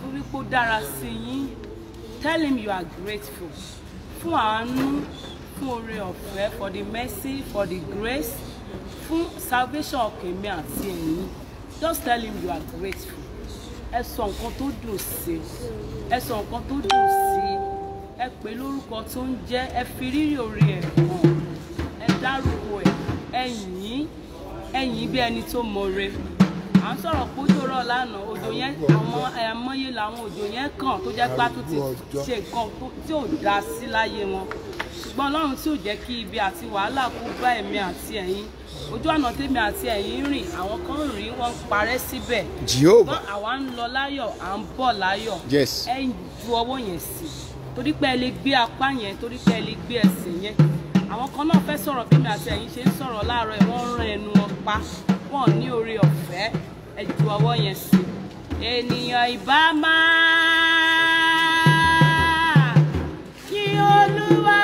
fún wípé ó dára sí yín tell him you are grateful fún àánú fún oore ọ̀fẹ́ for the mercy for the grace fún salvation ọ̀kẹ́mi àti ẹ̀yin just tell him you are grateful ẹ sọ nǹkan tó dùn sí ẹ sọ nǹkan tó dùn sí ẹ pè lórúkọ tó ń jẹ́ ẹ fi rírì oore ẹ̀ hàn ẹ dárúkọ ẹ̀ ẹ yìn ẹ yìn bí ẹni tó mọre à ń sọ̀rọ̀ pé ojú rọ̀ lánàá òjò yẹn àwọn àmọ́yé làwọn òjò yẹn kàn tó jẹ́ pátó ti ṣe nǹkan tí ò dá sí láyé wọn ṣùgbọ́n ọlọ́run tí ò jẹ́ kí ibi àti wàhálà kó bá èmi àti ẹ̀yin ojú ọ̀nà tèmi àti ẹ̀yin rìn àwọn kan rìn wọ́n parẹ́ síbẹ̀ ṣùgbọ́n àwa ń lọ láyọ̀ à ń bọ̀ láyọ̀ ẹ ń ju ọwọ́ yẹn sí torí pé ẹ lè gbé apá yẹn torí pé ẹ lè gbé ẹsẹ̀ yẹn àwọn kan náà fẹ́ sọ̀rọ̀ bí mi àti ẹ̀yin ṣe ń sọ̀rọ̀ láàárọ̀ ẹ̀ wọ́n ń rán ẹnu wọn pa wọ́n ní oore ọ̀fẹ́ ẹ ju ọwọ́ yẹn sí ènìyàn ìbá máa kí olúwa.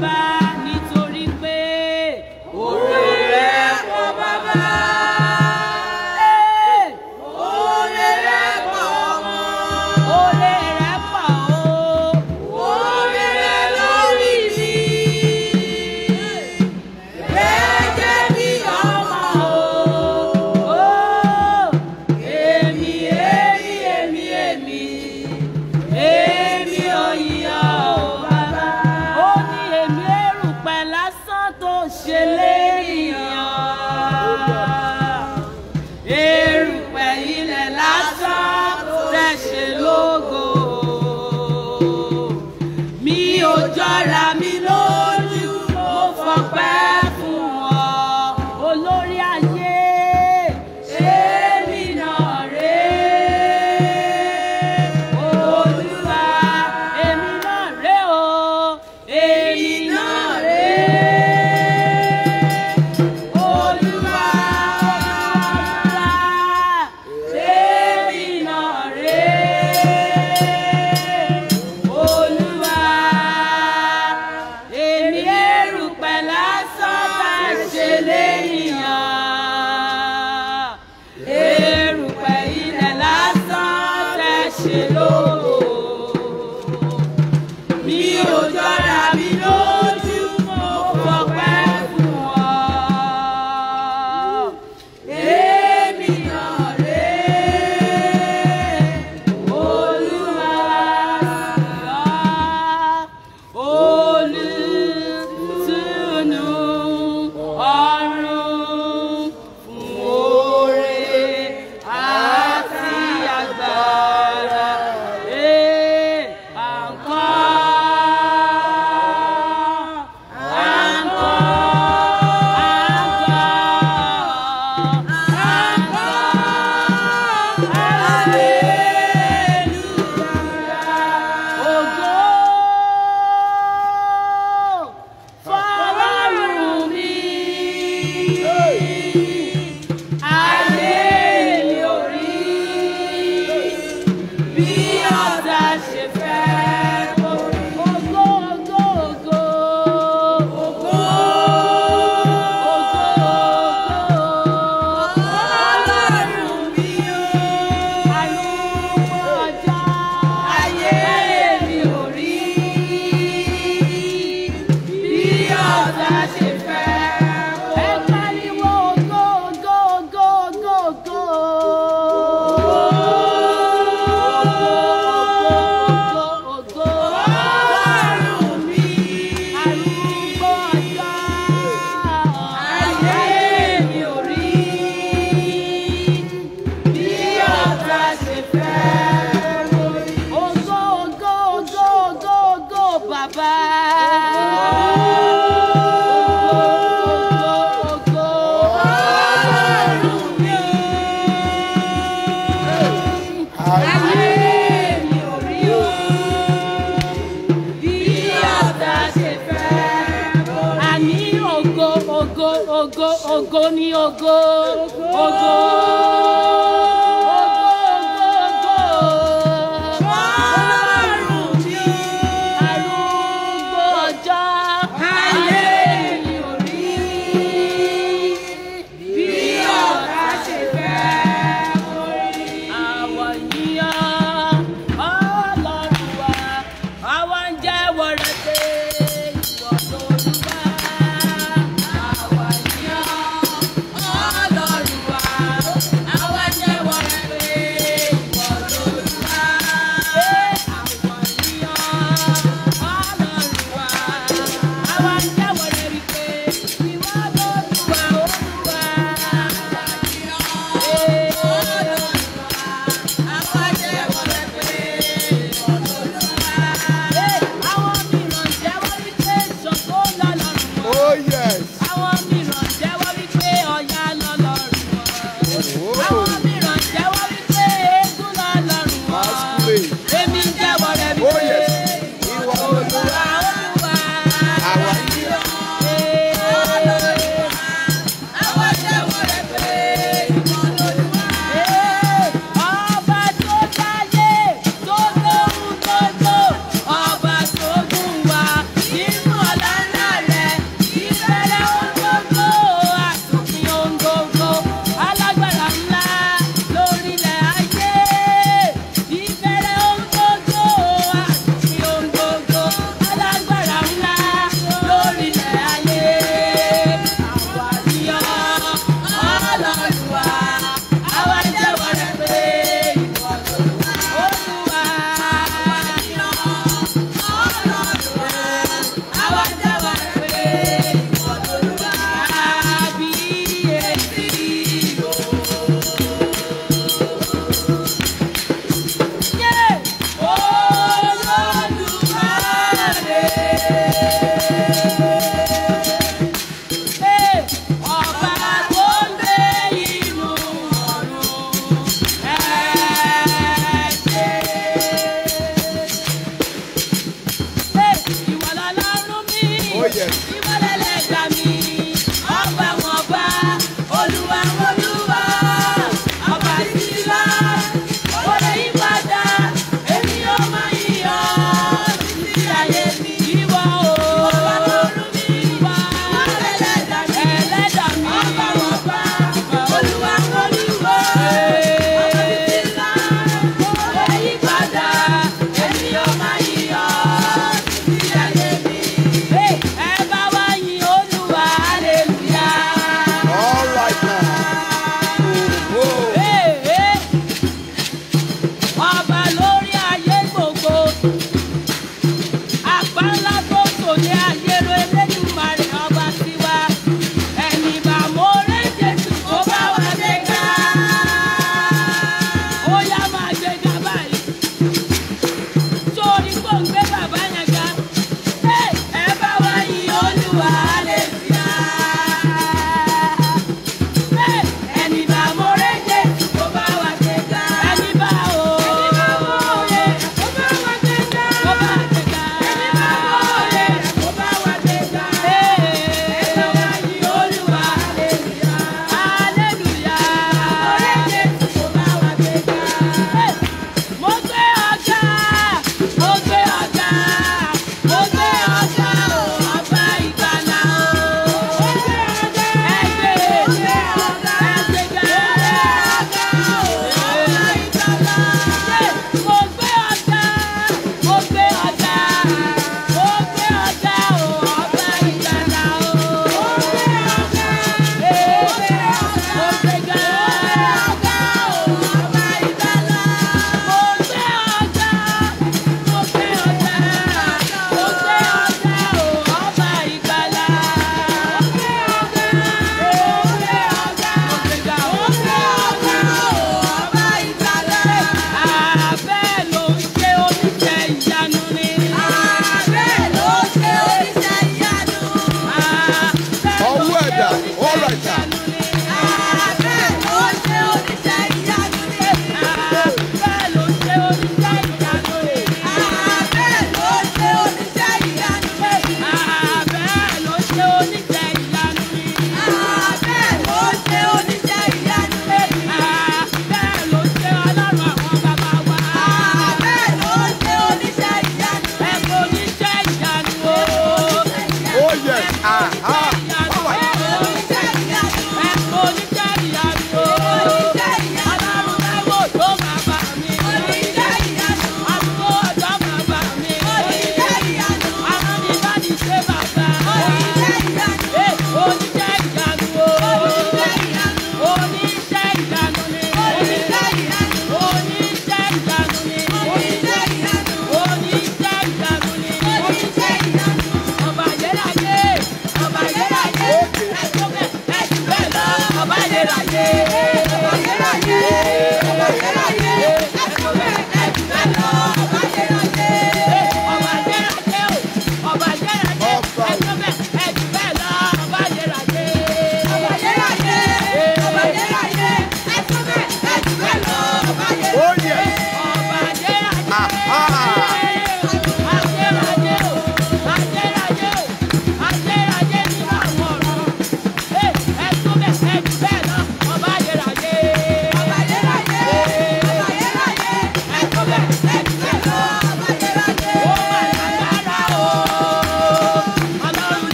bye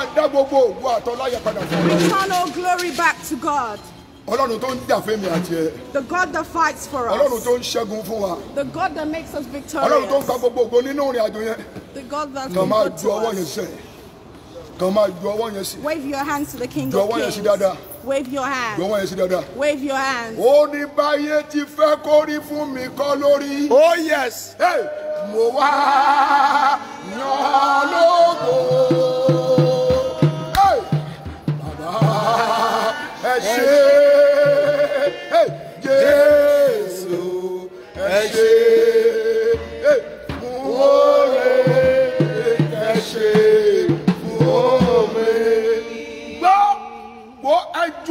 máa dá gbogbo òwú àtọ́láyà padà fún mi. return all glory back to God. Ọlọ́run tó ń jà fún mi àti ẹ. The God that fights for us. Ọlọ́run tó ń ṣẹ́gun fún wa. The God that makes us victorious. Ọlọ́run tó ń gba gbogbo ògo nínú ìrìn àjò yẹn. The God that can us. Kàn máa ju ọwọ́ yẹn sẹ́yìn. Kàn máa ju ọwọ́ yẹn sí. Wave your hands to the King of Kings. Ju ọwọ́ yẹn sí dáadáa. Wave your hands. Ju ọwọ́ yẹn sí dáadáa. Wave your hands. Ó ní báyé ti fẹ́ kó rí fún mi kọ́ lórí. Oh yes. Hey, mo wá yan lógo. Jesus, Jésù ẹ ṣé fún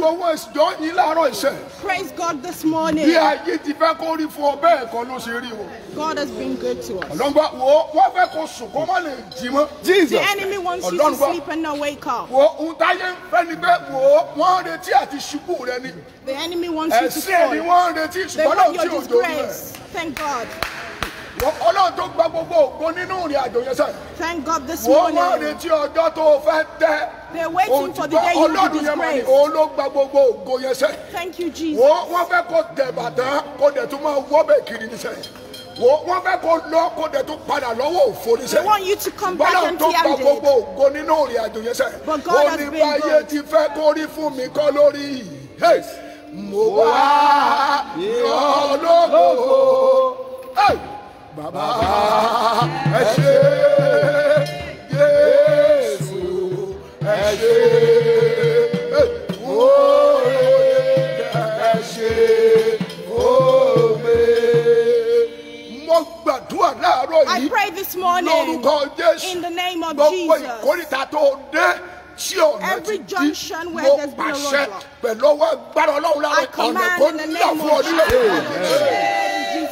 ètò owó ìjọ yín láàárọ̀ iṣẹ́. Praise God this morning. Bí ayé ti fẹ́ kó rí fún ọ bẹ́ẹ̀ kan ló ṣe rí o. God has been good to us. Ọlọ́gbà wo wọ́n fẹ́ kó sùn kó má lè jí mọ́. Jesus. The enemy wants you to sleep and not wake up. Wo ohun táyé ń fẹ́ ni pé wo wọ́n retí àti ṣubú rẹ ni. The enemy wants you to fall. Ẹ̀sìn ni wọ́n retí ṣùgbọ́n náà tí ò jó rẹ̀. Thank God ọlọ́run tó gba gbogbo ògo nínú ìrìn àjò yẹn sẹ́. thank God this morning. wọ́n wá retí ọjọ́ tó fẹ́ tẹ́. they are waiting for the day you will be disgraced. òun ló gba gbogbo ògo yẹn sẹ́. thank you Jesus. wọ́n fẹ́ kó tẹ̀ bàtà kó dẹ̀ tún máa wọ́ bẹ́ẹ̀ kiri ní sẹ́yìn wọ́n fẹ́ kó lọ kó dẹ̀ tó padà lọ́wọ́ òfòrí sẹ́. they want you to come back empty handed. bọ́lá tó pa gbogbo ògo nínú ìrìn àjò yẹn sẹ́. but God has been good bàbá ẹ Jésù ẹ I pray this morning. in the name of Jesus. Every junction where there's tí ọ̀nà ti di mo pàṣẹ pẹ̀lú ọwọ́ agbára ọlọ́run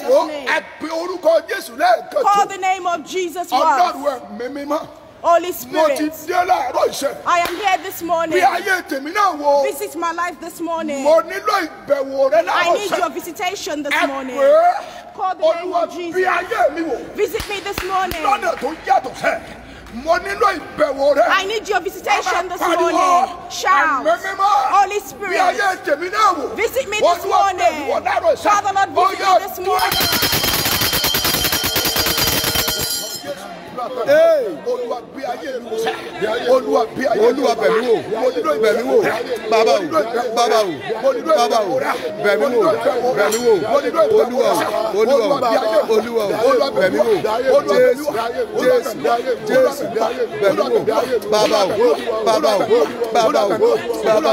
name. Oh, Call the name of Jesus Christ. Holy Spirit, I am here this morning. Visit my life this morning. I need your visitation this morning. Call the name of Jesus. Visit me this morning. I need your visitation this morning. Shout. Holy Spirit. Visit me this morning. Father Lord, visit me this morning. olúwa gbé ayé mi wò olúwa gbé ayé mi wò olúwa bẹ̀ mí wò bẹ̀ mí wò bàbá wò bàbá wò bàbá wò bẹ̀ mí wò bẹ̀ mí wò olúwa wò olúwa wò olúwa wò bẹ̀ mí wò jésù jésù jésù bẹ̀ mí wò bàbá wò bàbá wò bàbá wò bàbá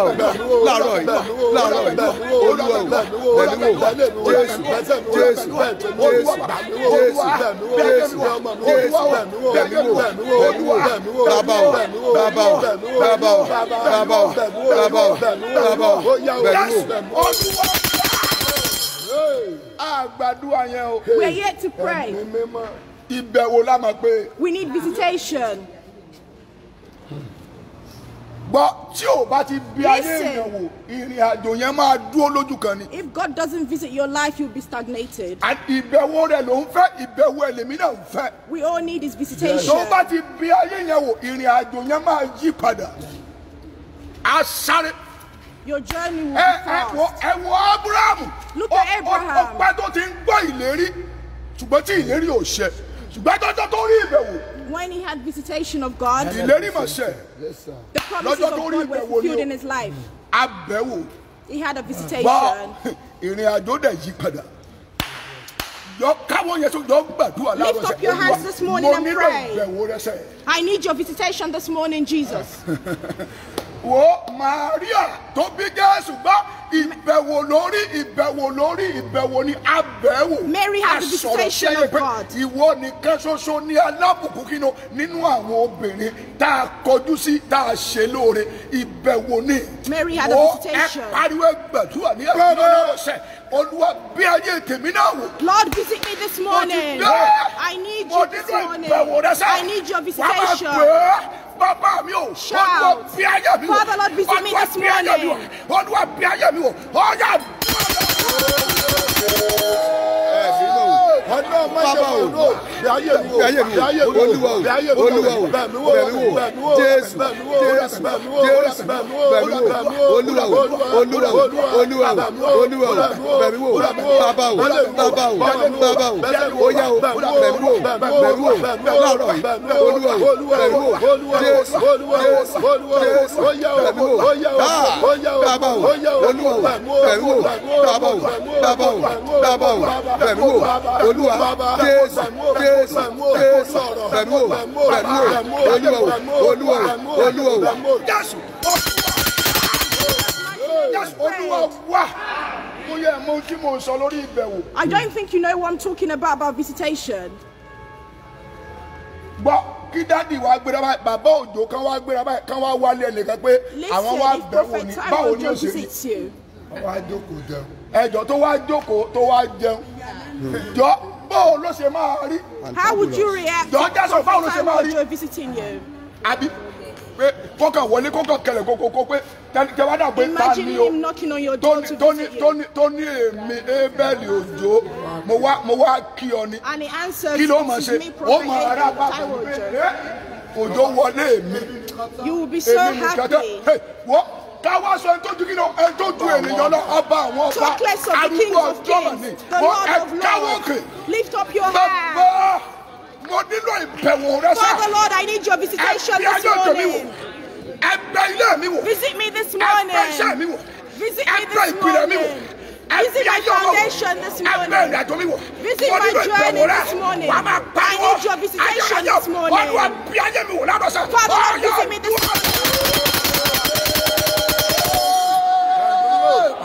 wò láàárọ̀ yìí láàárọ̀ yìí olúwa wò bẹ̀ mí wò jésù jésù jésù jésù jésù jésù bẹ̀mí wò we are here to pray. ìbẹ̀wò la máa pé. we need visitation gbọ́ tí o bá ti bí ayé èèyàn ìrìn àjò yẹn máa dúró lójú kan ni. if God doesn't visit your life you'll be stagnated. and ìbẹ̀wò rẹ̀ ló ń fẹ́ ìbẹ̀wò ẹ̀ náà ń fẹ́. we all need his visitation. tó bá ti bí ayé yẹn ìrìn àjò yẹn máa yí padà. a sáré. Your journey will be fast. Ẹ wo Ẹ wo Abraham. Look at Abraham. Ọpẹ́ tó ti ń gbọ́ ìlérí ṣùgbọ́n tí ìlérí ò ṣẹ ṣùgbọ́n tó tó rí ìbẹ̀wò when he had visitation of God, yes, sir. the promises of God were fulfilled in his life. He had a visitation. Lift up your hands this morning and pray. I need your visitation this morning, Jesus. Maria, don't be ìbẹ̀wò lórí ìbẹ̀wò lórí ìbẹ̀wò ni abẹ́wò. Mary has the visitation of God. ìwọ nìkan ṣoṣo ni alábùkún kínú nínú àwọn obìnrin tá a kọjú sí tá a ṣe lóore ìbẹ̀wò ni. Mary had the visitation. ó ẹ pariwo gbàdúrà ní ẹgbẹ́ náà ọ̀sẹ̀ olúwa bí ayé tèmi náà wò. Lord visit me this morning. mo ti dé. I need you this morning. mo nílò ìbẹ̀wò rẹ sẹ́. I need your visitation. wàá máa pè é bàbá mi o. shout Father Lord visit me this morning. olúwa bí ayé mi o. olúwa bí ayé mi o. meu. Olha! É, viu? ẹnu ọmọ ìṣẹ̀wò olúwo bí ayé mi wò bí ayé mi wò bí ayé mi wò bẹ̀mí wò bẹ̀mí wò jésù jésù jésù bẹ̀mí wò olúwa wò olúwa wò olúwa wò olúwa wò bẹ̀mí wò bàbá wò bàbá wò bàbá wò oyá wò bẹ̀mí wò bẹ̀mí wò láàárọ̀ yìí olúwa wò bẹ̀mí wò jésù jésù jésù bẹ̀mí wò bàbá wò olúwa wò bẹ̀mí wò bàbá wò bàbá wò bàbá wò bẹ̀mí wò olúwa olúwa jésù jésù jésù pẹ̀lú o pẹ̀lú o olúwa o olúwa o olúwa o. jésù olúwa wá I don't think you know what I'm talking about about visitation. Listen, kí dádì wa gbéra báyìí bàbá òjò báwo ló ṣe máa rí. how would you react. dọ́jà sọ báwo ló ṣe máa rí. you're visiting you. àbí pé kọ́kàn wọlé kọ́kàn kẹlẹ̀ kókó pé tẹ̀wádà pé ta ni o tó ní èmi ebeli òjò mo wá mo wá kí ọ ni kí ló mọ̀ ṣe ó mọ̀ ara bá pẹ̀lú pé òjò eh, wọlé mi èmi nìkan tẹ́ wọ́n ká wá sọ ẹni tó ju kí lọ ẹni tó ju ènìyàn lọ ọba àwọn ọba arúgbó ọjọ́ ni mo ẹ káwọ́ òkè bàbá mo nílò ìbẹ̀wò rẹ sá ẹ bí ajọ́ tèmi wò ẹ bẹ ilé mi wò ẹ bẹ iṣẹ́ mi wò ẹ bẹ ìpìlẹ̀ mi wò. Visit my foundation this morning. Visit my journey this morning. I need your visitation this morning. Father, Lord, visit me this morning. Oh!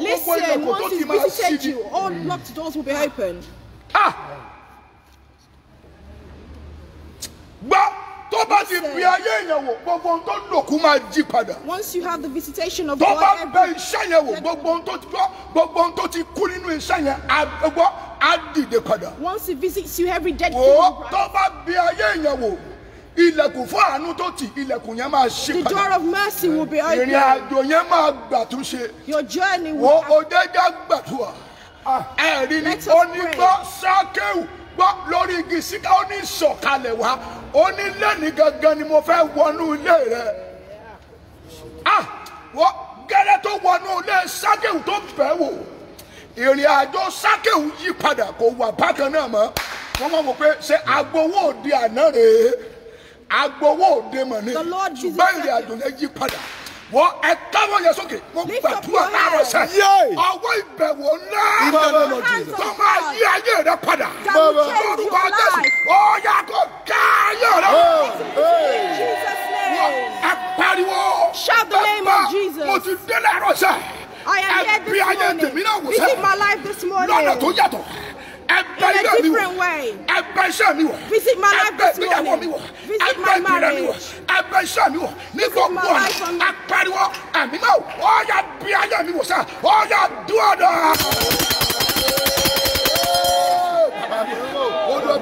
Listen, once he visited you, all locked doors will be open. Ah! Bah tó bá ti bí ayé yẹn wò gbogbo ohun tó lòkú máa jí padà. once you have the visitation of God. tó bá bẹ iṣẹ́ yẹn wò gbogbo ohun tó ti gbọ́ gbogbo ohun tó ti kú nínú iṣẹ́ yẹn àgbẹ̀gbọ́ á dìde padà. once he visits you every day. thing. wò tó bá bí ayé yẹn wò ilẹ̀kùn fún àánú tó tì ilẹ̀kùn yẹn máa ṣe padà. the door of mercy will be open. ìrìn àjò yẹn máa gbàtúnṣe. your journey will. wo òdejá gbàtúwà. ẹ̀rí ni ó ní gbọ́ sákéwù gbọ́ lórí igi síká ó ní sọ̀kalẹ̀ wá ó ní lẹ́ni gangan ni mo fẹ́ wọnú ilé rẹ̀ ah, wọ́n gẹ́rẹ́ tó wọnú ilé sákéwù tó bẹ̀ wò ìrìn àjò sákéwù yí padà kò wà bákan náà mọ́ wọ́n mọ̀ pé ṣé agbowó òde àná rèé agbowó òde mọ̀ ni ṣùgbọ́n ìrìn àjò lè yí padà wọ ẹ̀ka wọn yẹ sókè mo gbàdúrà láàárọ̀ sẹ́ ọwọ́ ìbẹ̀wò náà tó máa yí ayé rẹ padà lórúkọ jésù ó yà kó ká ayé rẹ oh, ẹ pariwo bẹ́ẹ̀ mo ti délẹ̀ ẹ̀rọ sẹ́ ẹ bí ayé tèmi náà wò sẹ́ lọ́nà tó yàtọ̀. Ẹgbẹ́ ilé mi wọ̀. Ẹgbẹ́ iṣẹ́ mi wọ̀. Ẹgbẹ́ ìgbéyàwó mi wọ̀. Ẹgbẹ́ ìgbéra mi wọ̀. Ẹgbẹ́ iṣẹ́ mi wọ̀. Ní gbogbo ọ̀nà, apariwo ẹ̀mí náà, ó yà bí ayé mi wò sá, ó yà dúró náà.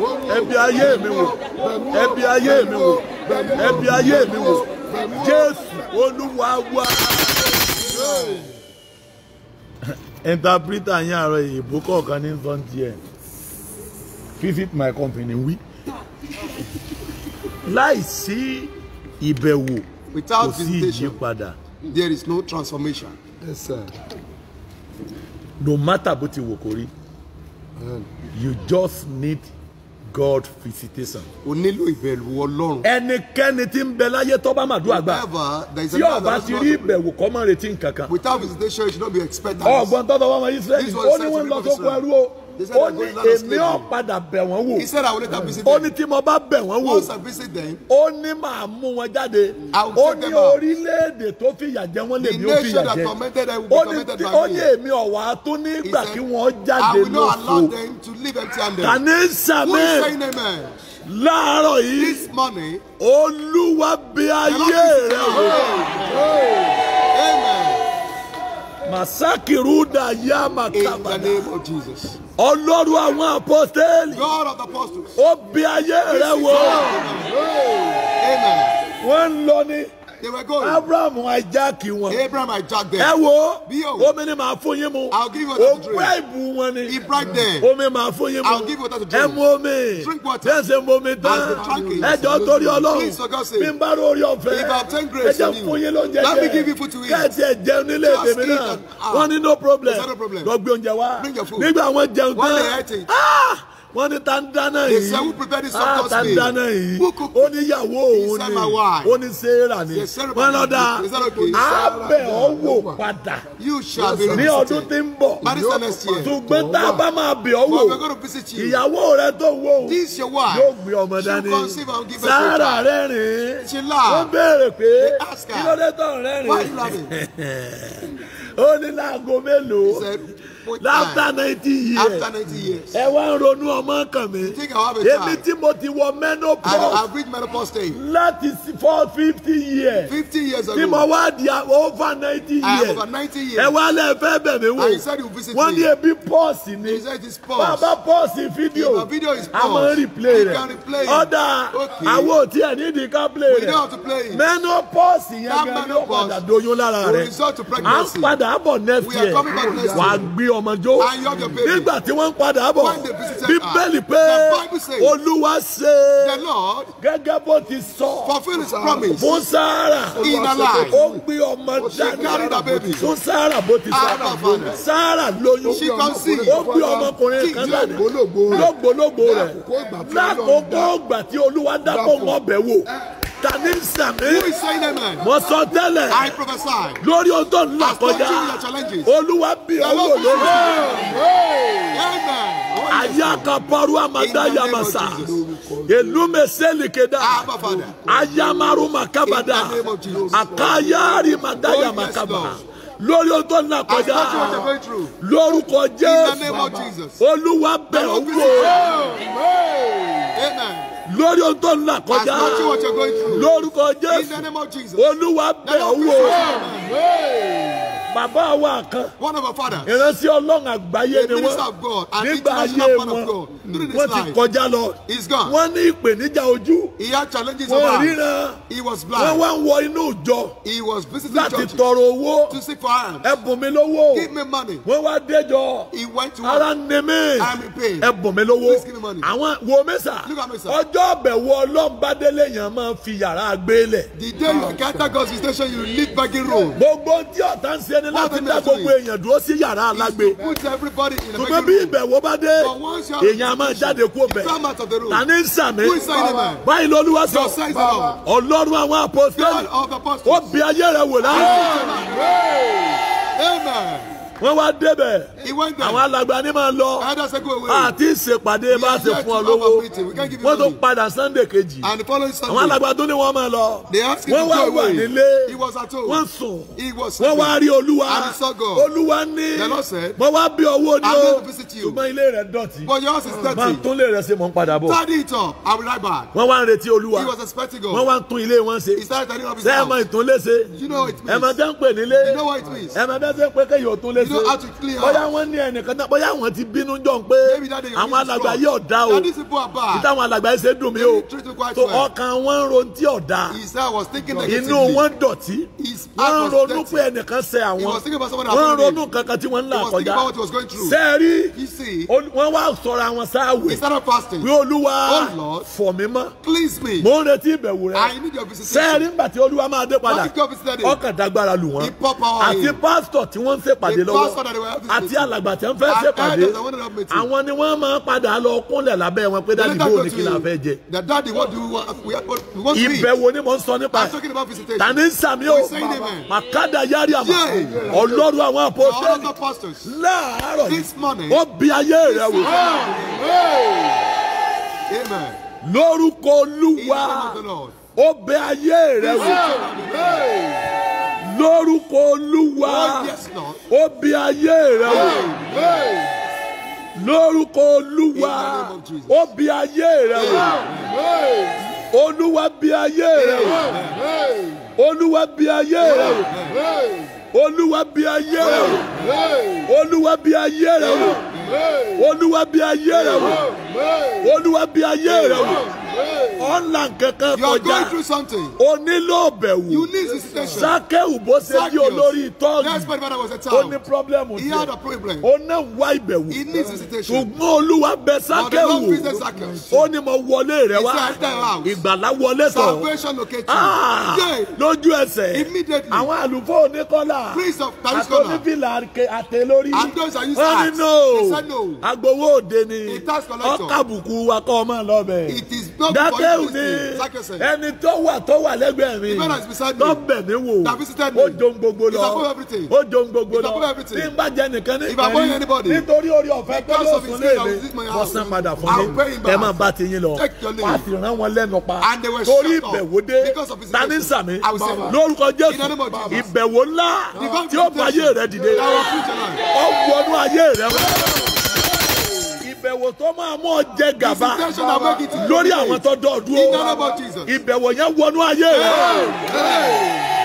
ẹbí ayé mi wò ẹbí ayé mi wò ẹbí ayé mi wò Jésù Olúwa interpreter yẹn àárọ̀ èèbó kọ̀ọ̀kan ní sunday ẹ̀ visit my company wí láìsí ìbẹ̀wò kò sí ìyípadà. there is no transformation. Yes, sir. no matter bó ti wò kó you just need God visitation. O nílò ìbẹ̀wò Ọlọ́run. Ẹnikẹ́ni tí ń bẹ láyé tó bá màdúrà gbà. Tí ọba ti rí ìbẹ̀wò kọ́mọ retí nǹkan kan. Without visitation you should not be expectant. Ọ̀gbọ́n tọ́tọ̀ wọn ọmọ Israẹli, ó ní wọ́n lọ sóko ẹrú o ó ní èmi ò padà bẹ̀ wọ́n wò ó ní tí mo bá bẹ̀ wọ́n wò ó ní màá mú wọn jáde ó ní orílẹ̀-èdè tó fìyà jẹ wọ́n lè mi ó fìyà jẹ ó ní èmi ò wá tó ní ìgbà kí wọ́n jáde lófo kàní sàmì láàárọ̀ yìí olúwa bí ayé rẹ̀ wò. Masakiruda Yamakabada. In the name of Jesus. Ọlọ́run àwọn apọ́sítẹ́lì. of the apostles. Ó bí ayé rẹ Wọ́n ń lọ ní. They were going. Abraham hijack wọn. Abraham jack them. Ẹ wo. Bí o. Omi ni màá fún yín mu. I'll give you water to drink. O bribe wọn ni. He bribed them. Omi màá fún yín mu. I'll give you water to drink. Ẹ mu omi. Drink water. Bẹ́ẹ̀ ṣe mu omi tán. As the drinking. Ẹ jọ torí Ọlọ́run. Please for God's sake. Bí n bá rí orí ọ̀fẹ́. If I obtain grace from you. Ẹ jẹ́ fún yín lóúnjẹ jẹ. Let me give you food to eat. Kẹ́ẹ̀tì ẹ̀ jẹun nílé èdè mi náà. Ah, wọ́n ní no problem. There's no problem. Lọ gbé oúnjẹ wá. Bring your food. Nígbà wọn jẹun tán. Wọ́n lè Ah wọ́n ní tá yìí. they ah, say yìí. ó ní ìyàwó òun ni ó ní sarah ni. wọ́n lọ da abẹ ọwọ́ padà. you shall be revisited. ní ọdún tí ń bọ̀. paris tá a bá máa bẹ̀ ọ́ wò. ìyàwó rẹ tó wò. yóò gbé ọmọ dání. she will conceive and béèrè pé kí ló dé tán rẹ́rìn-ín. ó ní láago mélòó after ninety years after ninety years ẹ wá ń ronú ọmọ kan mi èmi tí mo ti wọ menopause I have reached menopause stage láti four fifty years fifty years ago tí mo wá di over ninety years I have over ninety years ẹ wá lẹ fẹ́ bẹ̀ mí wò wọ́n ní ebi pause ni bàbá pause fídíò àmọ́ replay rẹ̀ ọ̀dà àwọn ò tí ẹ̀ nídìí ká play rẹ̀ menopause yẹn gẹ́gẹ́ bí ó padà doyún lára rẹ̀ à ń padà bọ̀ next year wà á gbé ọ ọmọ jó nígbà tí wọ́n ń padà bọ̀ uh, bíbélì pé olúwa ṣe gẹ́gẹ́ bó ti sọ fún sára ó gbé ọmọ jáde fún sára bó ti sọ sára lóyún ó gbé ọmọkùnrin kan jáde lógbólógbò rẹ̀ lákòókò ìgbà tí olúwa dákọ̀ ń ọbẹ̀ wò. Eh tani ń sàmì. who is saying amen. mo sọ tẹ́lẹ̀. I prophesy. lórí ohun tó ń là kọjá. as continue your challenges. olúwa bí owó lórí. amen. Aya kaparu amada yamasa. Elume selikeda. Ayamaru makabada. Akayari madaya makaba. Lórí ohun tó ń là kọjá. Lórúkọ Jésù. Olúwa bẹ̀ owó. Amen lórí ohun tó ń là kọjá lórúkọ jésù olúwa bẹ̀ ọ́ wò bàbá wa kan. one of our fathers. ìránṣẹ́ ọlọ́run àgbáyé ni wọ́n. the minister of God and international man of God. during his life wọ́n ti kọjá lọ. he is gone. wọ́n ní ìpèníjà ojú. he had challenges of life. wọ́n ríran. he was blind. wọ́n wá ń wọ inú ìjọ. he was visiting churches. láti tọrọ owó. to seek for alms. ẹ̀bùn mi lówó. give me money. wọ́n wá déjọ. he went to work. ara ń ne mí. I am in pain. ẹ̀bùn mi lówó. please give me money. àwọn wo mẹ́sà. look at me sir. ọjọ́ àbẹ̀wò ọlọ́mbadélé yẹn máa fi yàrá gbélẹ̀. the day you enter God's visitation you leave bagging road. gbogbo tí ọ̀tá ń ṣe ni láti dá gbogbo èèyàn dúró sí yàrá alágbe. tùmọ̀ bí ìbẹ̀wò bá dé èèyàn máa jáde kú bẹ̀. tani ń sàmì báyìí lolúwa sọ ọlọ́run àwọn apostoli ó bí ayé rẹ̀ wò láàyè. Amen wọ́n wá débẹ̀ àwọn alàgbà ni máa lọ àti ìṣèpàdé bá ti fún ọ lówó wọ́n tó padà Sunday kejì àwọn alàgbà tó ní wọ́n máa lọ wọ́n wá wà nílé wọ́n sùn wọ́n wá rí olúwa olúwa ní wọ́n wá bí owó ní o ṣùgbọ́n ilé rẹ̀ dọ̀tí máa ń tún ilé rẹ̀ ṣe mọ̀ ń padà bọ̀ wọ́n wá ń retí olúwa wọ́n wá ń tún ilé wọn ṣe ṣé ẹ mọ ìtúnlé ṣe ẹ mọ tẹ́ ń pè nílé ẹ mọ tẹ́ ń pè kéyìí ò tún lé ṣe know how to clear. bóyá wọ́n ní ẹnìkan náà bóyá wọ́n ti bínú jọ̀ pé àwọn alàgbà yìí ọ̀dà o ìta àwọn alàgbà yìí ṣe dùn mí o tó ọkàn wọn ń ronú tí ọ̀dà inú wọn dọ̀tí wọ́n ń ronú pé ẹnìkan ṣe àwọn wọ́n ń ronú kankan tí wọ́n ń là kọjá sẹ́ẹ̀rí wọ́n wá sọ̀rọ̀ àwọn sáàwẹ̀ wí olúwa oh, fọ̀ mí mọ́ mo ń retí ìbẹ̀wò rẹ sẹ́ẹ̀rí ńgbà tí olúwa máa dé padà ọkàn dágbára lù wọ́n àti pásítọ̀ tí wọ́n ń ṣèpàdé lọ́wọ́ àti alàgbà tí wọ́n fẹ́ ṣe pàdé àwọn ni wọ́n máa padà lọ kúnlẹ̀ lábẹ́ wọn pé dáàdi bò ní kí la fẹ́ jẹ. ìbẹ̀wò ni mo ń sọ nípa ẹ̀ tani sàmì o màkàdà yárí àmà ọlọ́run àwọn apọ́sítẹ́lì láàárọ̀ ó bí ayé rẹ̀ wò. Ah, lórúkọ olúwa ó bẹ ayé rẹ̀ wò lórúkọ olúwa oh, ó bi ayé rẹ wò lórúkọ olúwa ó bi ayé rẹ wò olúwa bi ayé rẹ wò olúwa bi ayé rẹ wò olúwa bí ayé rẹ wò olúwa bí ayé rẹ wò olúwa bí ayé rẹ wò olúwa bí ayé rẹ wò ọ̀la kankan kọjá o bẹ̀wò sákẹ́wù bó ṣe di olórí tọ́ọ̀gì ó ní pírọ́blẹ́mù díẹ̀ ó náà wá ìbẹ̀wò ṣùgbọ́n olúwa bẹ sákẹ́wù ó ní mo wọlé rẹ wá ìgbàlá wọlé tọ̀ ah, lójú ẹsẹ̀ àwọn àlùfáà oníkọ́lá prince of paris corner. àtọ́ bíbélà àtẹ lórí. àtọ́ no. agbowó òde ni ọkàbùkù wa ọmọ lọ́bẹ̀. it is not for you to be ẹni tó wà tó wà lẹ́gbẹ̀ẹ́ mi. the man has wò. ó jòun gbogbo lọ. ó jòun gbogbo lọ. he n bá jẹ nìkan ní ìkànnì nítorí orí ọ̀fẹ́ tó lọ sùn léèmí wọ́n san padà fún mi ẹ máa bá ti yín lọ wá sí ràn wọ́n lẹ́nu pa torí ìbẹ̀wò dé tani sàmì lórúkọ Jésù ìbẹ̀wò ńlá tí ó bá ayé rẹ dìde ó wọnú ayé rẹ ìbẹ̀wò tó máa mú ọ jẹ gàba lórí àwọn tó dọ̀ dúró ìbẹ̀wò yẹn wọnú ayé rẹ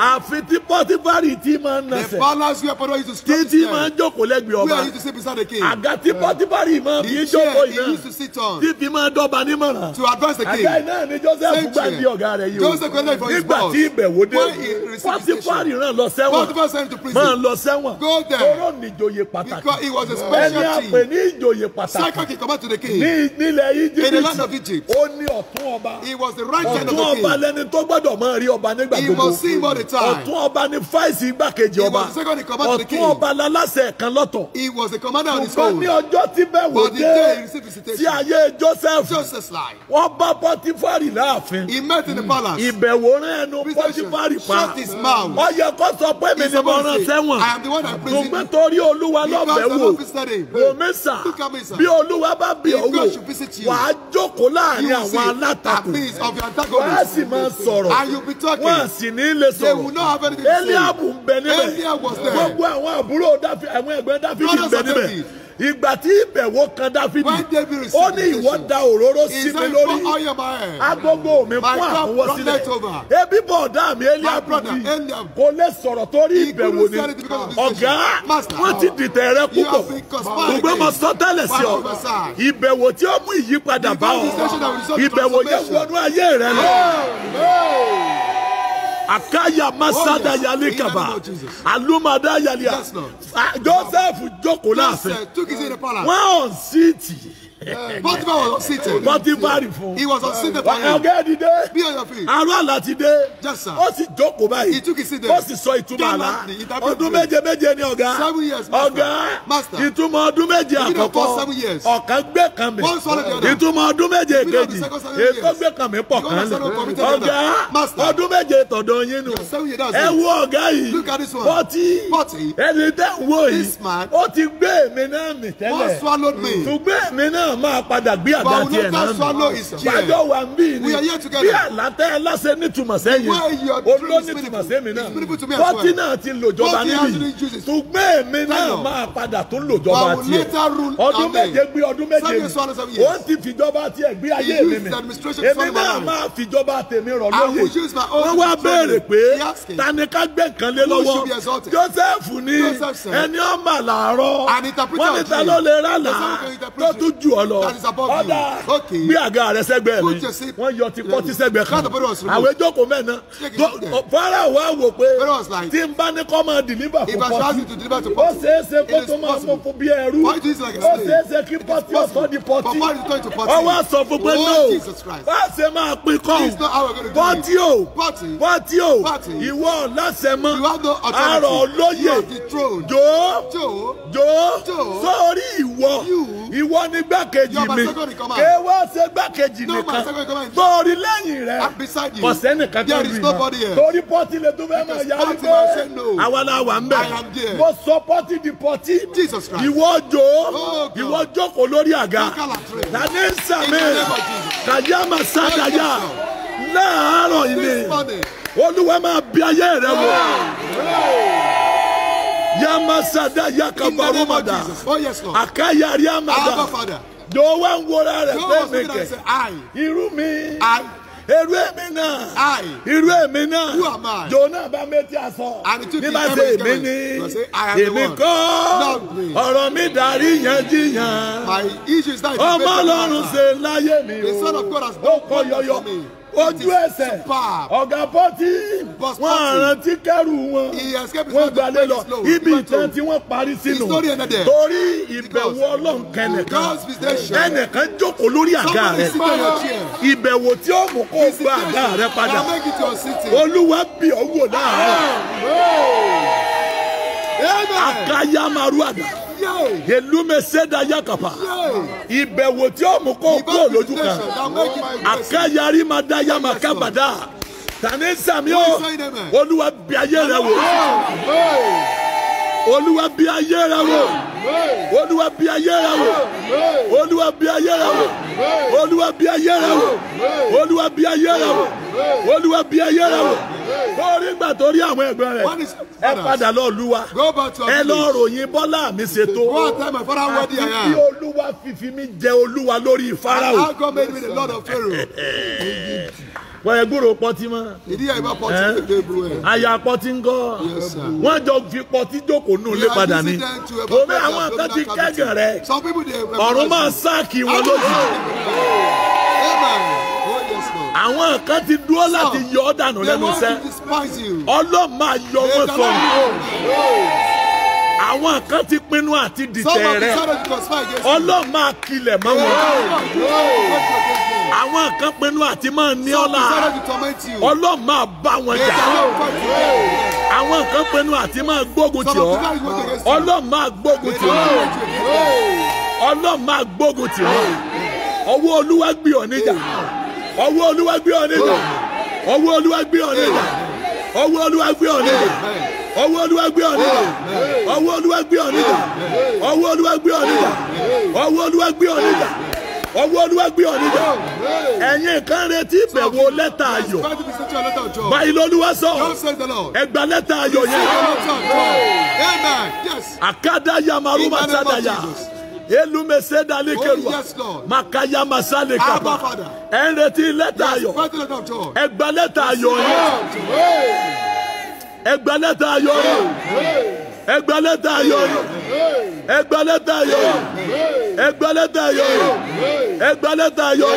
àfin tí pọtifari ti máa ń nasẹ̀. the balance where pọtifari used to sleep. títí máa ń jókòó lẹ́gbẹ̀ẹ́ ọba. where he used to sleep beside the king. àga tí pọtifari máa fi jókòó iná. the chair used to sit on. títí máa dọ́ba nímọ̀ràn. to advise the king. àga iná ni joseph gbà bí ọ̀gá rẹ̀ yìí o. joseph went for his boss. nígbà tí ìbẹ̀wò dé pọtifari rán lọ sẹ́wọ̀n. pọtifari sent máa lọ sẹ́wọ̀n. go there. tóró ní ìjòyè pàtàkì. because he was a special king. ẹni àpè ní ìjòyè pàtàkì. second to the king. ní ilẹ̀ egypt. of egypt. ó ní ọ̀tún ọba. he was the right hand of the king. ọ̀tún ọba lẹni tó gbọ́dọ̀ máa rí ọba nígbà gbogbo time. ọ̀tún ọba ni fáìsì igbákejì ọba. he was the second in command of the king. ọ̀tún ọba lálásẹ̀ kan lọ́tọ̀. he was the commander of his own. ṣùgbọ́n ní ọjọ́ tí bẹ́ẹ̀ wò dé. but the day he received visitation. sí ayé joseph. joseph's life. wọ́n bá pọ́tífárì láàfin. he met in the hmm. palace. ìbẹ̀wò rán ẹnu pọ́tífárì pa. shut his mouth. ó yẹ kó sọ pé mi ni mo rán sẹ́wọ̀n. I am the one that prison. ṣùgbọ́n torí olúwa lọ́bẹ̀wò. bí olúwa bá bí ọwọ́ wàá jókòó láàrin àwọn alátakò. wàá sì máa sọ̀rọ̀. wọ́n sì ní lè sọ̀rọ̀ will not have anything to say. Eliab ń bẹ níbẹ̀. Eliab was there. Gbogbo àwọn àbúrò Dáfí àwọn ẹ̀gbẹ́ Dáfí ń bẹ níbẹ̀. Ìgbà tí ìbẹ̀wò kan Dáfídì, ó ní ìwọ da òróró sí mi lórí. Agogo mi fún àmúwọ́ sílẹ̀. Ebi bọ̀ ọ̀dá mi Eliabu yìí kò lè sọ̀rọ̀ torí ìbẹ̀wò ni. Ọ̀gá wọ́n ti dìtẹ̀ rẹ púpọ̀. Ṣùgbọ́n mo sọ sí ọ. Ìbẹ̀wò tí ó mú ìyípadà bá ọ. Ìbẹ̀wò yẹn wọnú ayé rẹ lọ akaya oh, masada yali kaba alumada yali joseph jókòó láàfin wọn ò sí tì í. Bọ́tíbà was unseated. Bọ́tíbà rì fún. He was unseated for him. Ọ̀gá ẹni dé. Be on your feet. Àrùn àlá ti dé. Yes sir. Ó sì jókòó báyìí. He took his seat there. Ó sì sọ ìtumọ̀ àlá. Ọdún ni ọ̀gá. Seven years master. Ọ̀gá ìtumọ̀ ọdún méje àkọ́kọ́. Ọ̀kan gbé kan mi. One swallow the other. Ìtumọ̀ ọdún méje kejì. Èkó gbé kan mi pọ̀ kan lè. Ọ̀gá ọdún méje tọ̀dọ̀ yín nù. Ẹ wo ọ̀gá yìí. Look at this one. Forty. Forty. Ẹni tẹ́ wo yìí. Ó ti gbé mi náà mì tẹ́lẹ̀. One swallowed me. Tùgbé mi náà náà máa padà gbé àga tiẹ̀ náà nù gbàjọ wà ń bí ni bí àlàtẹ́ ẹlẹ́sẹ̀ nítumọ̀ sẹ́yìn olónítumọ̀ sẹ́mi náà fọ́tí náà ti lòjọba níbi ṣùgbọ́n èmi náà máa padà tún lòjọba tiẹ̀ ọdún méje gbé ọdún méje mi ó ti fìjọba tiẹ̀ gbé ayé mi mi èmi náà máa fìjọba tèmi rọ̀ lóye wọ́n wá béèrè pé tani ká gbé kan lé lọ́wọ́ Joseph ni ẹni ọmọ làárọ̀ wọ́n ní ta ló lè rà là tó tún jù ọ ọ lọ ọ̀dà bí àga rẹ sẹ́gbẹ̀ẹ́ mi wọ́n yọ ti pọ́tí sẹ́gbẹ̀ẹ́ kan àwọn ìjókòó mẹ́ẹ̀ná fara wa wò pé tí n bá ní kọ́ máa dìlíbà fún pọ́tí ó ṣeé ṣe kó tó máa mú fún bí ẹrú ó ṣeé ṣe kí pọ́tí ọ̀tọ́ di pọ́tí ọwọ́ sọ fún pé oh, no bá a ṣe máa pín kọ́ pọ́tí o pọ́tí o ìwọ láṣẹ mọ́ àrò olóyè jòó jòó sórí ìwọ ìwọ nígbà gbákejì mi kí wá ṣe gbákejì nìkan torí lẹ́yìn rẹ̀ kò sẹ́nìkan tó rí i torí pọ́tì lè tó fẹ́ mọ̀ yá wípé àwa la wà ń bẹ̀ mo sọ pọ́tì di pọ́tì ìwọ jò oh, ìwọ jókòó lórí àga tani sàmì kàyà máa sá kàyà láàárọ̀ ilé olúwa máa bí ayé rẹ wò yamasada yakabaromada akayariamada jọ̀wọ́ wá ń wọra rẹ̀ fẹ́ mi kẹ̀ irú mi irú èmi náà irú èmi náà jọ náà bá méjì aṣọ ní bá ṣe èmi ni èmi kọ́ ọ̀rọ̀ mi darí yanjiyan ọmọ ọlọ́run ṣe láyé mi o ó kọ́ yọyọ ojú ẹsẹ̀ ọ̀gá pọ́tì wọn àrántí kẹrù wọn wọn gbalẹ̀ lọ ibi ìtàn tí wọ́n parí sínú torí ìbẹ̀wò ọlọ́run kẹnìkan ẹnìkan jókòó lórí àga rẹ ìbẹ̀wò tí ó mú kó gba àga rẹ padà olúwa bí ọ wò akaya maruada elume seda yakapa ìbẹ̀wò tí ó mú kó kúrò lójú kan akayari ma da yama kabada tani sami o oluwa bí ayé rẹ wò olúwa bí ayé rẹ wò olúwa bí ayé rẹ wò olúwa bí ayé rẹ wò olúwa bí ayé rẹ wò olúwa bí ayé rẹ wò olúwa bí ayé rẹ wò torí gbà torí àwọn ẹgbẹ́ rẹ ẹ padà lọ olúwa ẹ lọ ròyìn bọ́lá mi ṣètò àti bí olúwa fífi mi jẹ olúwa lórí Fáráò. wọ́n ẹ gbúrò pọtí mọ́. ìdí ẹ̀ bá pọtí ló dé ibú ẹ̀. àyà pọtí ń kọ́ wọ́n jọ fi pọtí jókòó nù lé padà ní. òun àwọn kan ti kẹ́gàn rẹ̀ ọ̀run máa sáàkì wọn lójú. Oh, àwọn kan ti dúró láti yọ ọ́ dànù lẹ́nu iṣẹ́ ọlọ́ọ̀ máa yọ wọn sọ̀rọ̀ àwọn kan ti pinnu àti dìtẹ̀ rẹ ọlọ́run máa kilẹ̀ mọ́ wọn àwọn kan pinnu àti máa ní ọlá ọlọ́run máa bá wọn jà àwọn kan pinnu àti máa gbógun tì ọ́ ọlọ́run máa gbógun tì ọ́ ọlọ́run máa gbógun tì ọ́ ọwọ́ olúwa gbé ọ níjà ọwọ́ olúwa gbé ọ níjà ọwọ́ olúwa gbé ọ níjà ọwọ́ olúwa gbé ọ níjà ọwọ́ olúwa gbé ọ níjà ọwọ́ olúwa gbé ọ níjà ọwọ́ olúwa gbé ọ níjà ọwọ́ olúwa gbé ọ níjà ọwọ́ olúwa gbé ọ níjà ẹ̀yin kan retí ìbẹ̀wò lẹ́tà ayọ̀ báyìí lolúwa sọ ẹgbà lẹ́tà ayọ̀ yẹn àkàdáyà màrúmà sádàyà elumese dali keruwa makaya masale kaba ẹ ń retí lẹ́tà ayọ̀ ẹgbà lẹ́tà ayọ̀ yẹn ẹgbà lẹ́tà ayọ̀ ẹgbà lẹ́tà ayọ̀ ẹgbà lẹ́tà ayọ̀ ẹgbà lẹ́tà ayọ̀ ẹgbà lẹ́tà ayọ̀.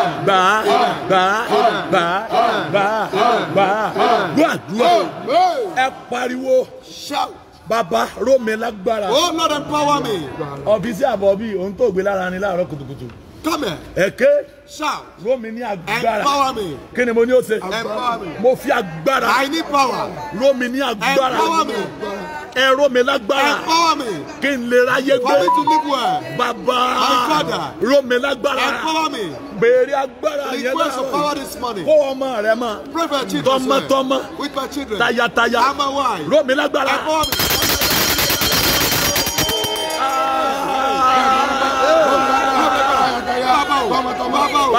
gbà á gbà á gbà á gbà á gbà á gbàdúrà ẹ pariwo bàbá ró mi lágbára. ó oh, lọ́dọ̀ pàwọ́ mi. ọ̀bísí àbọ̀bí òun tó gbé lára ni láàárọ̀ kùtùkùtù. kọ́mẹ̀. èké ró mi ní agbára kí ni mo ní o ṣe mo fi agbára ró mi ní agbára ẹ ró mi lágbára kí n lè ráyé gbé bàbá ró mi lágbára béèrè agbára yẹn náà kó ọmọ rẹ mọ tọmọtọmọ tayataya rómi lágbára. tọmọtọmọ.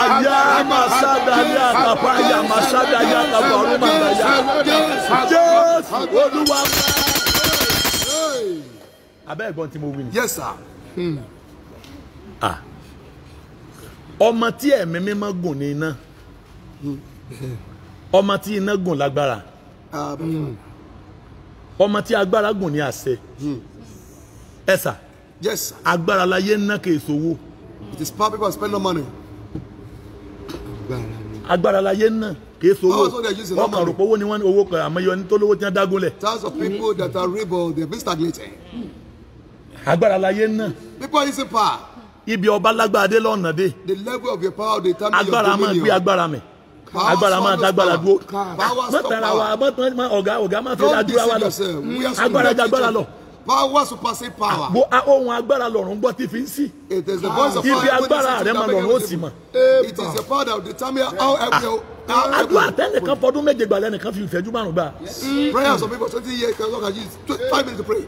Aya masada ya mo wí ni. Yes sir. Hmm. Ah. Ọmọ tí ẹ̀mí mímọ́ gùn ní iná. Hmm. Ọmọ tí iná gùn lágbára. Amen. Ah, mm ọmọ tí agbára gùn ní àṣẹ hmm. ẹ sà yes sir agbára láyé ń ná kì í sowó. it is power people spend no money. agbára láyé ń ná kì í sowó ọkàn rò owó ni wọ́n owó kan àmọ́yọ tó lówó tí wọ́n dágúnlẹ̀. thousands of people that are rebel they have been stagnating. agbára láyé ń ná. people using power. ibi ọba lágbára dé lọ́nà dé. the level of your power determine your dominion. agbára máa gbé agbára mi agbára máa dágbára dúró mọ̀tara wa mọ̀tara ọ̀gá ọ̀gá máa fi dájúra wa lọ agbára dágbára lọ. Power surpassing power. Bo ohun agbára lọ́run gbọ́ ti fi ń sí. It is the voice of power. Ibi agbára rẹ̀ máa lọ́run ó sì mọ̀. It is the power that will determine how heavy you are. Àdúrà tẹ́nìkan fọdún méje gbàlẹ́ nìkan fi ìfẹ́jú márùn-ún gbà. Prayers of people twenty years ago, five minutes to pray.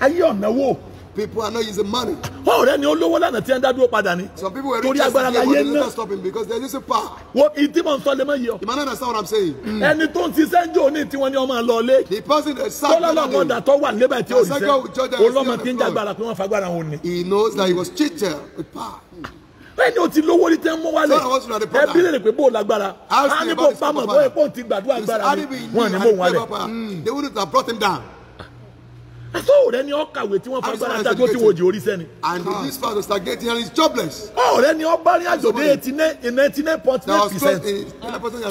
Ayé ọ̀nà wo? People are not using money. Wọ́n ọ̀rẹ́ ni olówó lánàá tí ẹ ń dádúró padà ni. Some people were rich as they were they never because they are using power. Wo ìdí mọ̀ lè mọ̀ yìí o. You may not understand what I'm saying. Mm. Ẹni tó ń ṣiṣẹ́ ń jò ní tiwọn ni ọmọ lọ lé. The person that sat down. Tọ́lọ́lọ́ ọ̀gọ́dà tó wà níbẹ̀ tí ó ṣiṣẹ́. Olọ́mọ ti ń jagbara pé wọ́n fagbára òun ni. He knows that he was cheated with power bẹ́ẹ̀ni o ti lówó ní tẹ́ ń mú wálé ẹbí lè pé bó lágbára á ní bó pamọ́ bó epo ti gbàdúrà gbára ni wọ́n ní bó wálé so ọ̀rẹ́ ni ọ kàwé tí wọ́n fagbára dájú tí wọ́n jẹ orí sẹ́ni. and ah. this father stagnating and he is jobless. ọ̀rẹ́ ni ọ bá rí àjò dé eighty nine ninety nine point nine percent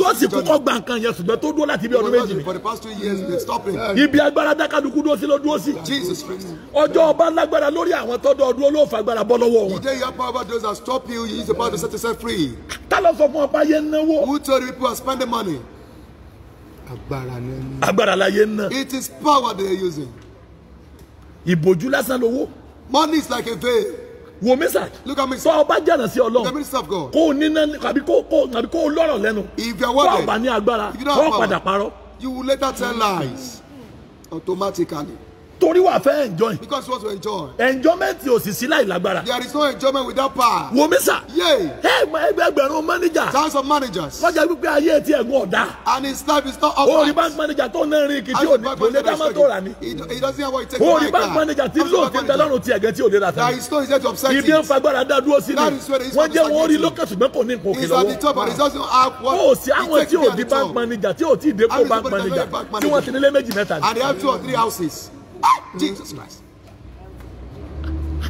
tó sì kú kọ́ gba nǹkan yẹn ṣùgbọ́n tó dúró láti ibi ọdún méjì mi. ibi agbára dákàdúkú dúró sí ló dúró sí. ọjọ́ ọba lágbára lórí àwọn tọ́dọ̀ ọdún olóò fagbára bọ́ lọ́wọ́ wọn. today your power does not stop you he is about to set himself free. ta ló sọ fún ọba yẹn náwó. who told you people are spending money. agbára ni. agbára la yẹn ná. it is power they are using ìbòjú lásán lówó. money is like a veil. wo mi look at me sir. tọ́ ọba jẹ̀nà sí ọlọ́run. the minister of God. kó o níná àbí kó o àbí kó o lọ́rọ̀ lẹ́nu. if you are worried. tọ́ ọba ní agbára. if you don't have power. wọ́n padà parọ́. you will later tell lies automatically torí wà fẹ́ enjoy. because you want to enjoy. enjoyment ò sì sí láì lágbára. there is no enjoyment without power. wo mi sà. yay. ẹ ẹ ẹgbẹ̀rún manager. thousands of managers. wọ́n jẹ́ pípé ayé ti ẹ̀gbọ́n ọ̀dà. and his life is not upright. orí bank manager tó náà rìn kìtì òní kò lè dá mọ́tò rà ni. he doesn't have what it takes to buy a car. orí bank manager ti lóòfin tẹ́lọ́rùn ti ẹ̀gẹ́ tí ò lè rà tán. there is no instead of setting. ibi ń fagbára dá dúró sí ni. wọ́n jẹ́ wọ́n rí lókè ṣùgbọ́n kò ní nǹkan òkè lọ́wọ́. bank manager tí ò tí ì dépò bank manager tí wọ́n ti nílé méjì and they have two or three houses. Jesus Christ.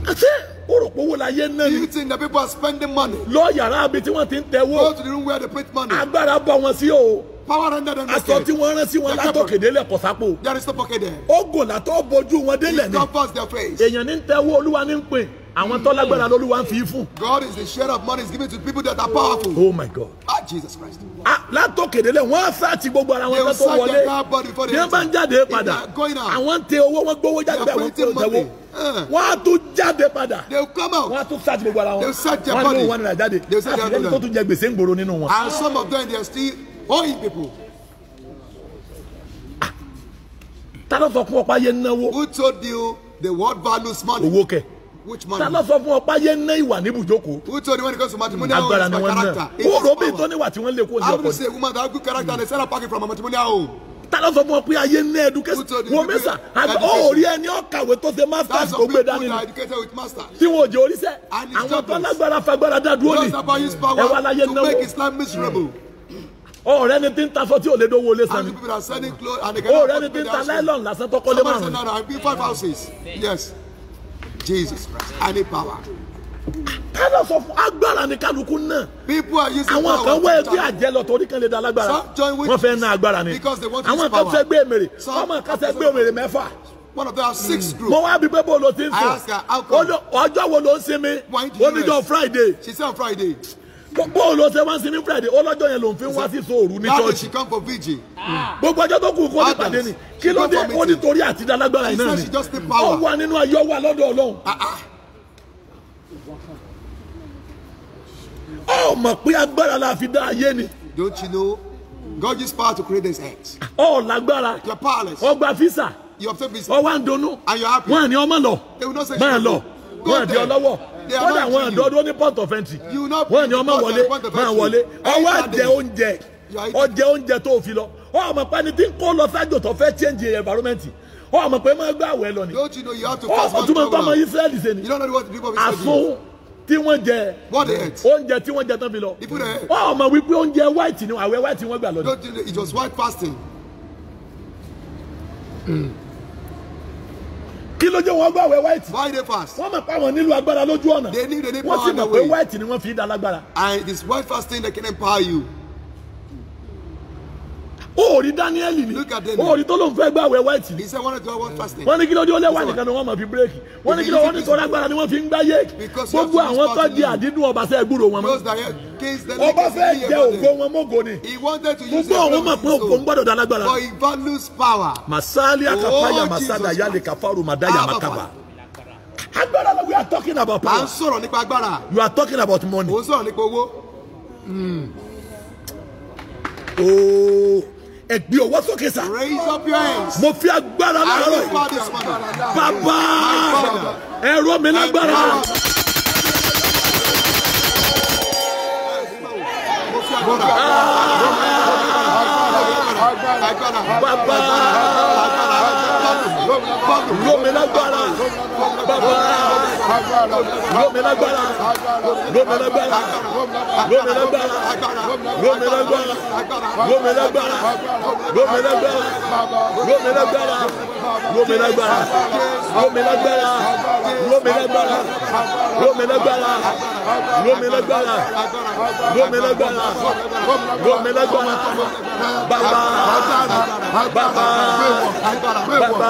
àti o rò pé owó la yé ná ni. you think that people are spending money. lọ yàrá mi tí wọ́n ti ń tẹ̀wó. go to the room where they print money. agbára bọ̀ wọ́n sí o. power under the. them. aṣọ tí wọ́n rán sí wọn látọ̀kèdè lẹ̀ kọ̀sápò. there is no pocket there. ó gòlà tó bójú wọn délẹ̀ ni. he covers their face. èèyàn ní ń tẹ̀wó olúwa ní ń pè àwọn tó lágbára lolúwa ń fi fún. God is the share of money is given to people that are powerful. Oh my God. Ah Jesus Christ. Ah látòkèdélé wọ́n sáàtì gbogbo ara wọn tó wọlé. Bí wọ́n bá ń jáde padà, àwọn ń tẹ owó wọn gbówó jáde bẹ́ẹ̀ wọ́n tẹ owó eh. wọ́n á tún jáde padà wọ́n á tún sáàtì gbogbo ara wọn wọ́n ní wọn nira jáde àti ẹni tó tún jẹ gbèsè ń gbòòrò nínú wọn. And some of them they are still owing people. Ah. ta ló sọ fún ọ pa ayé náwó. Who told you the word values money? owó kẹ. Okay which man. tala sọ fún ọ páyé ná ìwà ní ibùjókòó. who told you when it comes to matrimonial home is my character. kó robi tó níwà tí wọ́n lè kó sí ọkọ. I will say woman that good character dey sell her package from her matrimonial home. tala sọ fún ọ pé ayé ná education wọ́n mẹ́sà ó rí ẹni ọ̀kàwé tó ṣe masters tó gbé dání ni tí wọn ò jẹ́ oríṣẹ́ àwọn tó lágbára fagbára dá dúró ni ẹ wà láyé náwó mm. ọ̀rẹ́ ni tí ń ta sọtí òledo wo lé sani ọ̀rẹ́ ni tí ń ta láìlọ́ọ̀nù lásán tọkọ lé márùn-ún. Jesus Any power. Tẹ́lẹ̀ sọ fún agbára ní kálukú People are using power. Àwọn kan wá ẹgbẹ́ àjẹ́ lọ torí kan lè da alágbára. Some join with wọ́n fẹ́ ná agbára ni. Because they want his power. Àwọn kan fẹ́ gbé èmèrè. Ọmọ kan fẹ́ gbé èmèrè mẹ́fà. One of them have six hmm. groups. Mo wá bí pé bó lo ti ń sùn. I ask her how come. Ọjọ́ wo ló ń sinmi? Why do you rest? Oníjọ́ Friday. She said on Friday gbogbo olóṣè wá sinmi friday ọlọ́jọ́ yẹn ló ń fi wá sí sóòru ní church mm. gbogbo ọjọ́ tó kù kó ní pàdé ni kí ló dé ó nítorí àti dalágbára yìí náà ni ó wà nínú ayé ó wà lọ́dọ̀ ọlọ́run ó ah, ah. mọ̀ pé agbára la fi dá ayé ni. don't you know God used power to create this earth. ó lágbára ó gba visa ó wá ń dunnú wọ́n á ní ọmọ lọ máa lọ wọ́n á di ọlọ́wọ́ kódà wọn àdó ọdún ní port of entry wọn ni ọmọ wọlé máa wọlé ọwọ́ àjẹ oúnjẹ ọjẹ oúnjẹ tó fi lọ ọmọ pani tí ń kó lọ sájò tó fẹ́ change environment ọ mọ̀ pé máa gbé àwẹ̀ lọ ni ọ tún máa tọ́ ọmọ Israẹli ṣe ni àsun tí wọ́n jẹ oúnjẹ tí wọ́n jẹ tán fi lọ ọ mọ̀ wípé oúnjẹ white ni àwẹ̀ white wọ́n gbà lọ ni. it was white fasting kí ló jẹ́ wọn gbà wẹ̀ white. why they fast. wọ́n mọ̀ pé àwọn nílò agbára lójú ọ̀nà. they need they need power on the way. wọ́n sì mọ̀ pé white ni wọ́n fi dá lágbára. and it is white fasting that can empower you ó rí Daniel ni ó rí tó ló ń fẹ́ gbà wẹ̀ wáìtì ni wọ́n ní kí ló dé ó lẹ́wà nìkan ni wọ́n mọ̀ fi bírèkì wọ́n ní kí ló wọ́n ní sọ́dá gbára ni wọ́n fi ń gbá yé gbogbo àwọn tó di àdínú ọba sẹ́ gbúrò wọn mọ́ ọba fẹ́ jẹ ògo wọn mọ́gò ni gbogbo àwọn mọ̀ pé ògo ń gbọ́dọ̀ dálágbára masali akapaya oh, masada yali kafaru madaya ah, makaba agbára la we are talking about power. à ń sọ̀rọ̀ nípa agbára. you are talking about money. ò ń sọ̀rọ̀ nípa owó. Hmm. Oh ẹ gbé ọwọ́ sókè sá. mo fi agbára láàárọ̀ yìí bàbá ẹ̀rọ mi lágbára. bàbá lómìnagbára bàbá lómìnagbára lómìnagbára lómìnagbára lómìnagbára lómìnagbára lómìnagbára lómìnagbára lómìnagbára lómìnagbára lómìnagbára lómìnagbára lómìnagbára lómìnagbára lómìnagbára bàbá bàbá bàbá.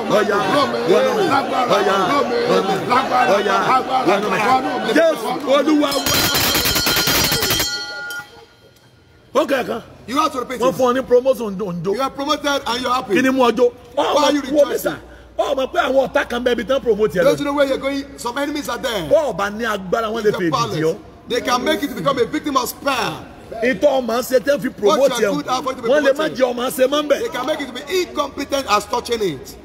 ọ̀yà wọnú mi ọ̀yà wọnú mi ọ̀yà wọnú mi Jésù Olúwa wá. ó kẹ̀kẹ́. you have to repeat it. wọ́n fún ọ ní promotion ǹjọ́. you are promoted and you are happy. kí ni mo ọjọ́. why you rejoicing ọ mọ̀ pé àwọn ọ̀tá kan bẹ́ẹ̀ bi tán promote ẹ lọ. don't you know where you're going some enemies are there. bọ́ọ̀ bá ní agbára wọn lè fèdí tí ọ. they can make it become a victim of spam. Ìtọ́ ọmọ ṣe tẹ́ fi promote ẹ̀ wọ́n lè má jẹ ọmọ ṣe mọ́ bẹ́ẹ̀. They can make it be incompetent as touching it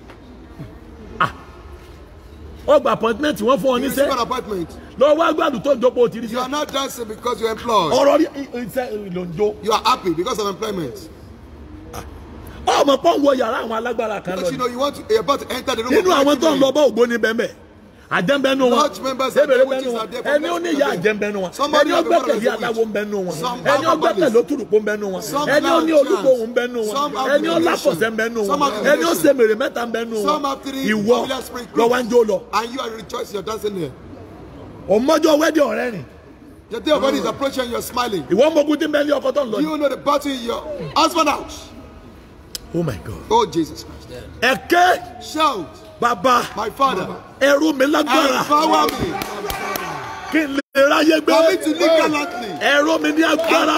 ó gba appointment wọ́n fún ọ níṣẹ́. you receive an appointment. lọ wá gbàdúrà tó ń jókòó ti rí sí. you are not dancing because you are employed. ọ̀rọ̀ rí iṣẹ́ ló you are happy because of employment. Ah. ọmọ pọ́ńwó yàrá àwọn alágbára kan lọ. because you know you want to about to enter the room. nínú àwọn tó ń lọ bá ògbóni bẹ́ẹ̀ bẹ́ẹ̀ àjẹmbẹnu wọn ebèrè bẹnu wọn ẹni ó ní ìyá àjẹmbẹnu wọn ẹni ó gbẹ́kẹ̀lé aláwo ń bẹnu wọn ẹni ó gbẹ́kẹ̀lé otúrùkú ń bẹnu wọn ẹni ó ní olúgbòhùn ń bẹnu wọn ẹni ó láfọ̀sẹ̀ ń bẹnu wọn ẹni ó sèmèrè mẹ́ta ń bẹnu wọn ìwọ lọ́wọ́njó lọ. and you are rejoicing you are dancing here. ọmọjọ wẹ́dí ọ̀rẹ́ rìn. the day of wedding is approaching and you are smiling. ìwọ mogun tí mẹ́lí ọkọ tó ń lọ. you know the battle in your husband house. oh my God. oh Jesus Christ. ẹ̀kẹ́. shout bàbá ẹrú mi lágbára kí n lè ráyé gbé ẹrú mi ní agbára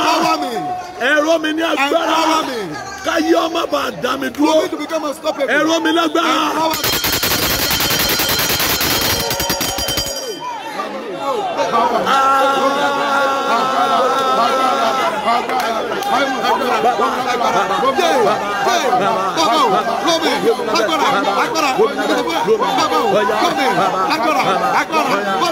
ẹrú mi ní agbára káyé ọmọ bá dá mi dúró ẹrú mi lágbára. Yeah agbára agbára agbára agbára agbára agbára agbára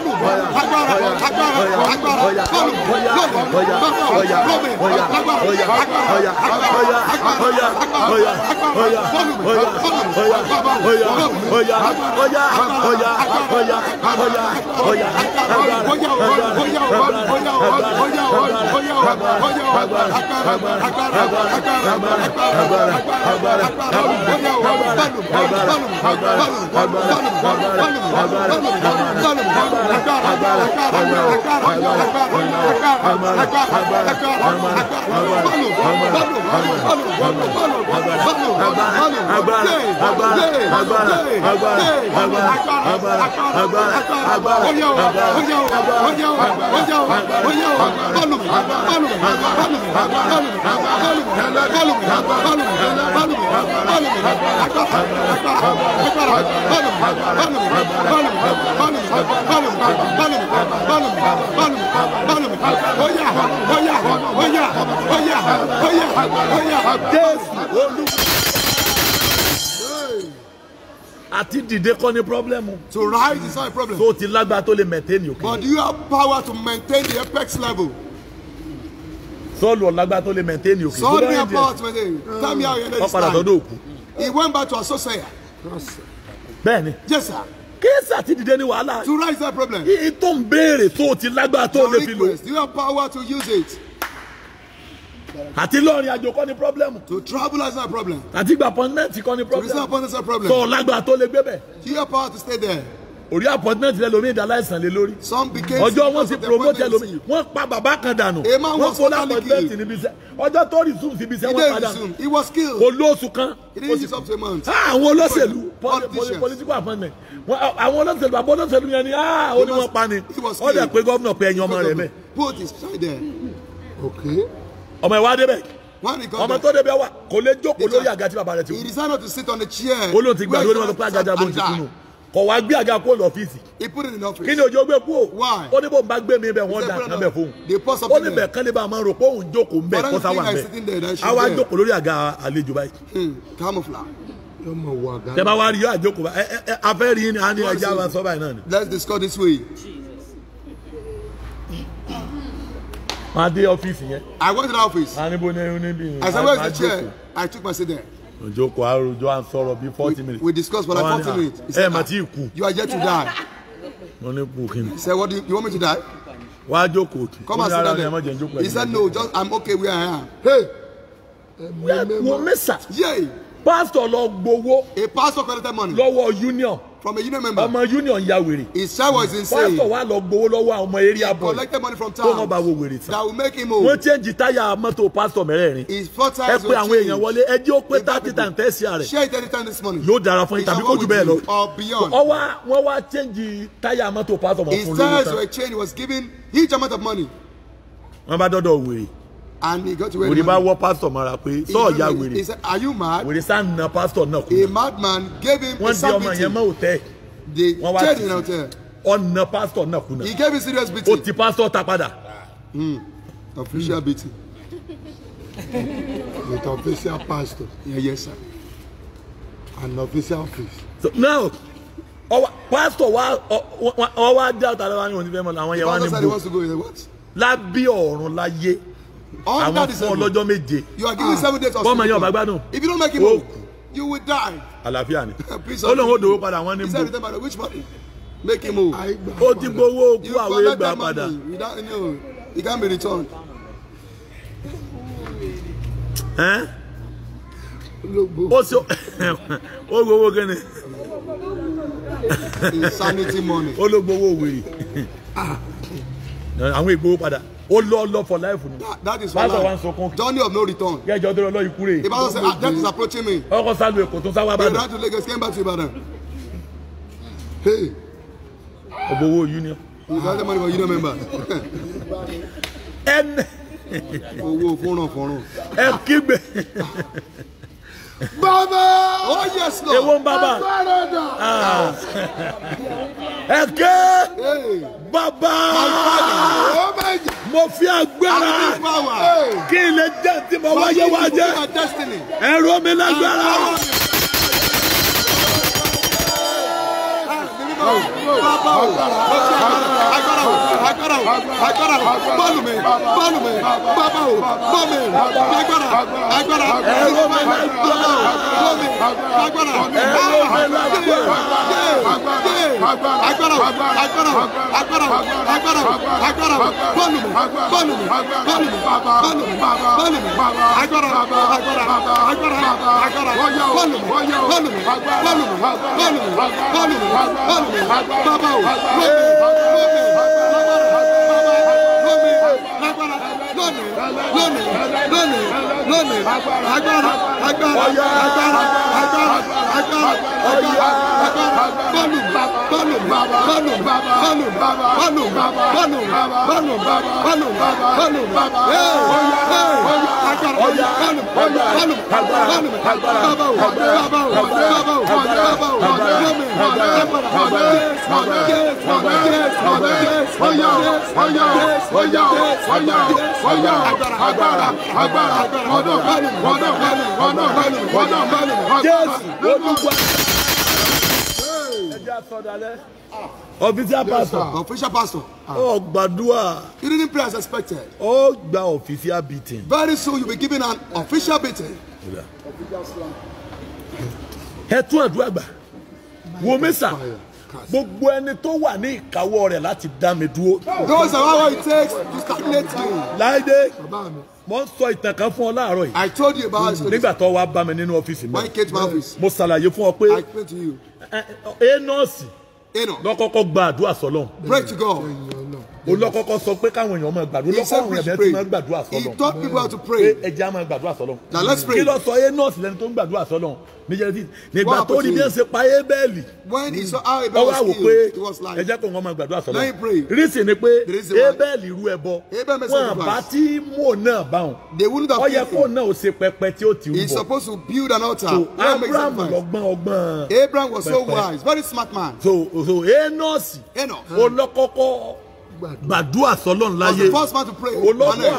agbára agbára agbára agbára agbára agbára agbára agbára agbára agbára agbára agbára àti dìde kọ́ ni problem. to rise is not a problem. so o ti lágbára tó lè maintain your. but you have power to maintain the apex level sọ́ọ̀lù ọ̀làgbà tó lè maintain òkè. sọ́ọ̀lù ní apá ọ̀tún maintain tàbí òkú. he went back to asosaya. yes sir. kéésì àti dìde ní wàhálà. to raise that problem. iye tó ń béèrè tó ti lágbára tó lè fi lò. you have power to use it. àti lọ́ọ̀rìn àjò kọ́ ni problem. to travel as a problem. àti gba appointment kọ́ ni problem. to resolve appointment as a problem. sọ ọ̀làgbà tó lè gbé bẹ̀. you have power to stay there orí appointment rẹ lomi ìdálá ìsàn lé lórí. some became ọjọ́ wọn ti promote ẹ lomi wọ́n pa bàbá kan dànù wọ́n fọlá appointment níbi iṣẹ́ ọjọ́ tó resume síbi iṣẹ́ wọ́n padà kò lóṣù kan ah, àwọn olóṣèlú political appointment ah, àwọn olóṣèlú bàbá olóṣèlú yẹn ni ah, ó ní wọ́n pa ni ó dẹ̀ pé gómìnà pé ẹyin ọmọ rẹ̀ mẹ́. ọmọ ìwádìí bẹ́ẹ̀ ọmọ tó débi wa kò lè jókòó lórí àga tí bàbá rẹ̀ ti wù. he decided to sit on the chair. olóòtú ìgbàlódé wọn lọ pé àgàjà bó ti kú nù kò wá gbé àga kó lọ ọ́fíìsì. he put it in office. kí ni ojú gbé kú o. why ó ní bó ń bá gbé mi bẹ́ẹ̀ wọ́n dà kan bẹ́ẹ̀ fóun. they pour something there. ó ní bẹ́ẹ̀ kán bá a máa rò pé òun jókòó ń bẹ́ẹ̀ kó sáwà ń bẹ́ẹ̀. àwa jókòó lórí àga àlejò báyìí. Hmm, camouflage tẹ bá wá rí yóò àjókòó bá ẹ ẹ afẹ́ rí ni a ní ẹja wa sọ báyìí náà ni. let's discuss this way. máa dé ọ́fíìsì yẹn. i went to the office. a níbo ní ẹni bí. i said where the chair i took my seat there òjòkó àròjọ à ń sọ̀rọ̀ bíi forty minutes. we discuss, for like forty ah, minutes. ẹ mà ah, tí you are yet to die. mo ní kú kí ni. he said what do you, you want me to die. wá jókòó tù. come and sit down there he said no just i'm okay where i am. hey. wọ́n mẹ́sà. yey. pastor lọ gbowó. a pastor collected money. lọ́wọ́ union from a union member. ọmọ union ya wèrè. his child was insane. pásítọ̀ wa lọ gbowó lọ́wọ́ àwọn ọmọ area boy. he collected money from town. tó wọn bá wo wèrè tán. that will make him old. wọ́n change táyà mọ́tò pastor mẹ́rẹ̀ẹ̀rin. his four tires were changed. ẹ pé àwọn èèyàn wọlé ẹ ó pé thirty times tẹ́sí rẹ̀. share thirty times this morning. yóò dára fún yín tàbí kó jù bẹ́ẹ̀ lọ. or beyond. ọwọ́ wọn wá change táyà mọ́tò pásítọ̀ mọ́ fún lórí tán. his tires were changed he was given huge amount of money. wọ́n bá dọ́dọ̀ wèrè and he got to where he was. Òrìbá wọ́ pásítọ̀ mara pé sọ́ọ̀ ya wèrè. He said are you mad? Wèrè sá na pastor náà kú. A madman gave him a beating. Wọ́n di ọmọ yẹn mọ́ òtẹ́. They checked in hotel. Ọ̀nà pásítọ̀ náà kú náà. He gave him serious beating. O ti pásítọ̀ ta padà. Hmm. Official beating. With official pastor. Yeah, yes sir. An official priest. So now pastor wa ọ wa dá ọ̀tá lọ́wọ́ àwọn onífẹ́ mọ́ làwọn yẹn wá ní bò. Lábí ọ̀run láyé àwọn fún ọlọ́jọ́ méje ah. bọ́ọ̀mọ yẹn ọ̀bá gbádùn ó kù àlàáfíà ni ó lóun ó dòwó padà wọ́n ní bò make him move. ó ti gbowó òkú àwọn ìgbà padà. be returned. ó sọ ó gbowó kíni. ó ló gbowó òwe ah. àwọn ìgbowó padà ó lọ lọ for life ni. that is why pastor wa n sọkún. journey of no return. kẹjọ dọrọ lọ ikú rẹ̀. the pastor ah death is approaching me. ọkọ sálù èkó tó sáwá bàdàn. he Lagos came back to Ibadan. hey. ọgbọ union. you gats get money for union member. ẹnẹ. owó fọ́nrán fọ́nrán. ẹ kígbe. Baba! Oh yes, Lord. Ewo Baba. Ah. Ẹ̀kẹ́. Baba. Oh, mo fi agbára. Kí ilé jẹ́ tí mo wáyé wájẹ́. Ẹ̀rọ mi lágbára. agbára o agbára o bọ́ọ̀lù mi bọ́ọ̀lù mi bàbá o bọ́ mi agbára agbára ẹ̀rọ mi bàbá o bọ́ mi agbára ẹ̀rọ mi bàbá o agbára agbára agbára agbára agbára agbára bọ́ọ̀lù bọ́ọ̀lù bọ́ọ̀lù bọ́ọ̀lù bọ́ọ̀lù agbára agbára agbára agbára bọ́ọ̀lù bọ́ọ̀lù bọ́ọ̀lù bọ́ọ̀lù bọ́ọ̀lù bọ́ọ̀lù bọ́ọ̀lù bàbá o lómi lómi lómi lágbára lónìí lónìí lónìí lónìí agbára agbára agbára agbára agbára agbára bọ́ọ̀lù bàbá banu baba banu baba banu baba banu baba banu baba banu baba banu baba banu baba oya oya agbára oya banu oya banu agbára banu agbára baba o baba o baba o baba o yomi agbára baba baba baba baba oya oya oya oya oya agbára agbára ọdọ banu ọdọ banu ọdọ banu ọdọ banu ọdọ banu. Ah. official pastor. official ah. pastor. Oh, ó You didn't prayer as expected. Oh, gba official beating. very soon you'll be given an official beating. ẹ tún àdúrà gbà wo mẹ́sà gbogbo ẹni tó wà ní ìkáwọ́ rẹ̀ láti dá mi dúró. those are how it takes to stagnate me. láìdé mo ń sọ ìtàn kan fún ọ láàárọ̀ yìí. I told you about it. nígbà tó wá bá mi nínú ọ́fíìsì mi. when you came to my office. mo ṣàlàyé fún ọ pé. I pray to you. ẹ ẹ nọ́ọ̀sì. ẹ nọ. lọ́kọ́kọ́ gba àdúrà sọ́lọ́hún. pray to God olọ́kọ́kọ́ sọ pé káwọn èèyàn máa gbàdúrà olọ́kọ́ àwọn èèyàn máa gbàdúrà sọ́lọ̀ he taught people how to pray máa gbàdúrà sọ́lọ̀ now let's pray kí lọ sọ yé nọ́ọ̀sì lẹni tó ń gbàdúrà sọ́lọ̀ níjẹ́rẹ́tì nígbà tó ní bí wọ́n ṣe pa Abẹ́lì ọwọ́ àwò pé ẹja kò wọ́n máa gbàdúrà sọ́lọ̀ rísì ni pé Abẹ́lì rú ẹbọ wọn bá tí mò náà bá wọn ó yẹ kó náà ṣe pẹpẹ tí ó ti rú bọ so Abraham lọ́gbọ́n ọgbọ́n Abraham was so wise very smart man so so Enosi olọ́kọ́kọ́ gbàdúrà sọlọ́n láyé olóògùn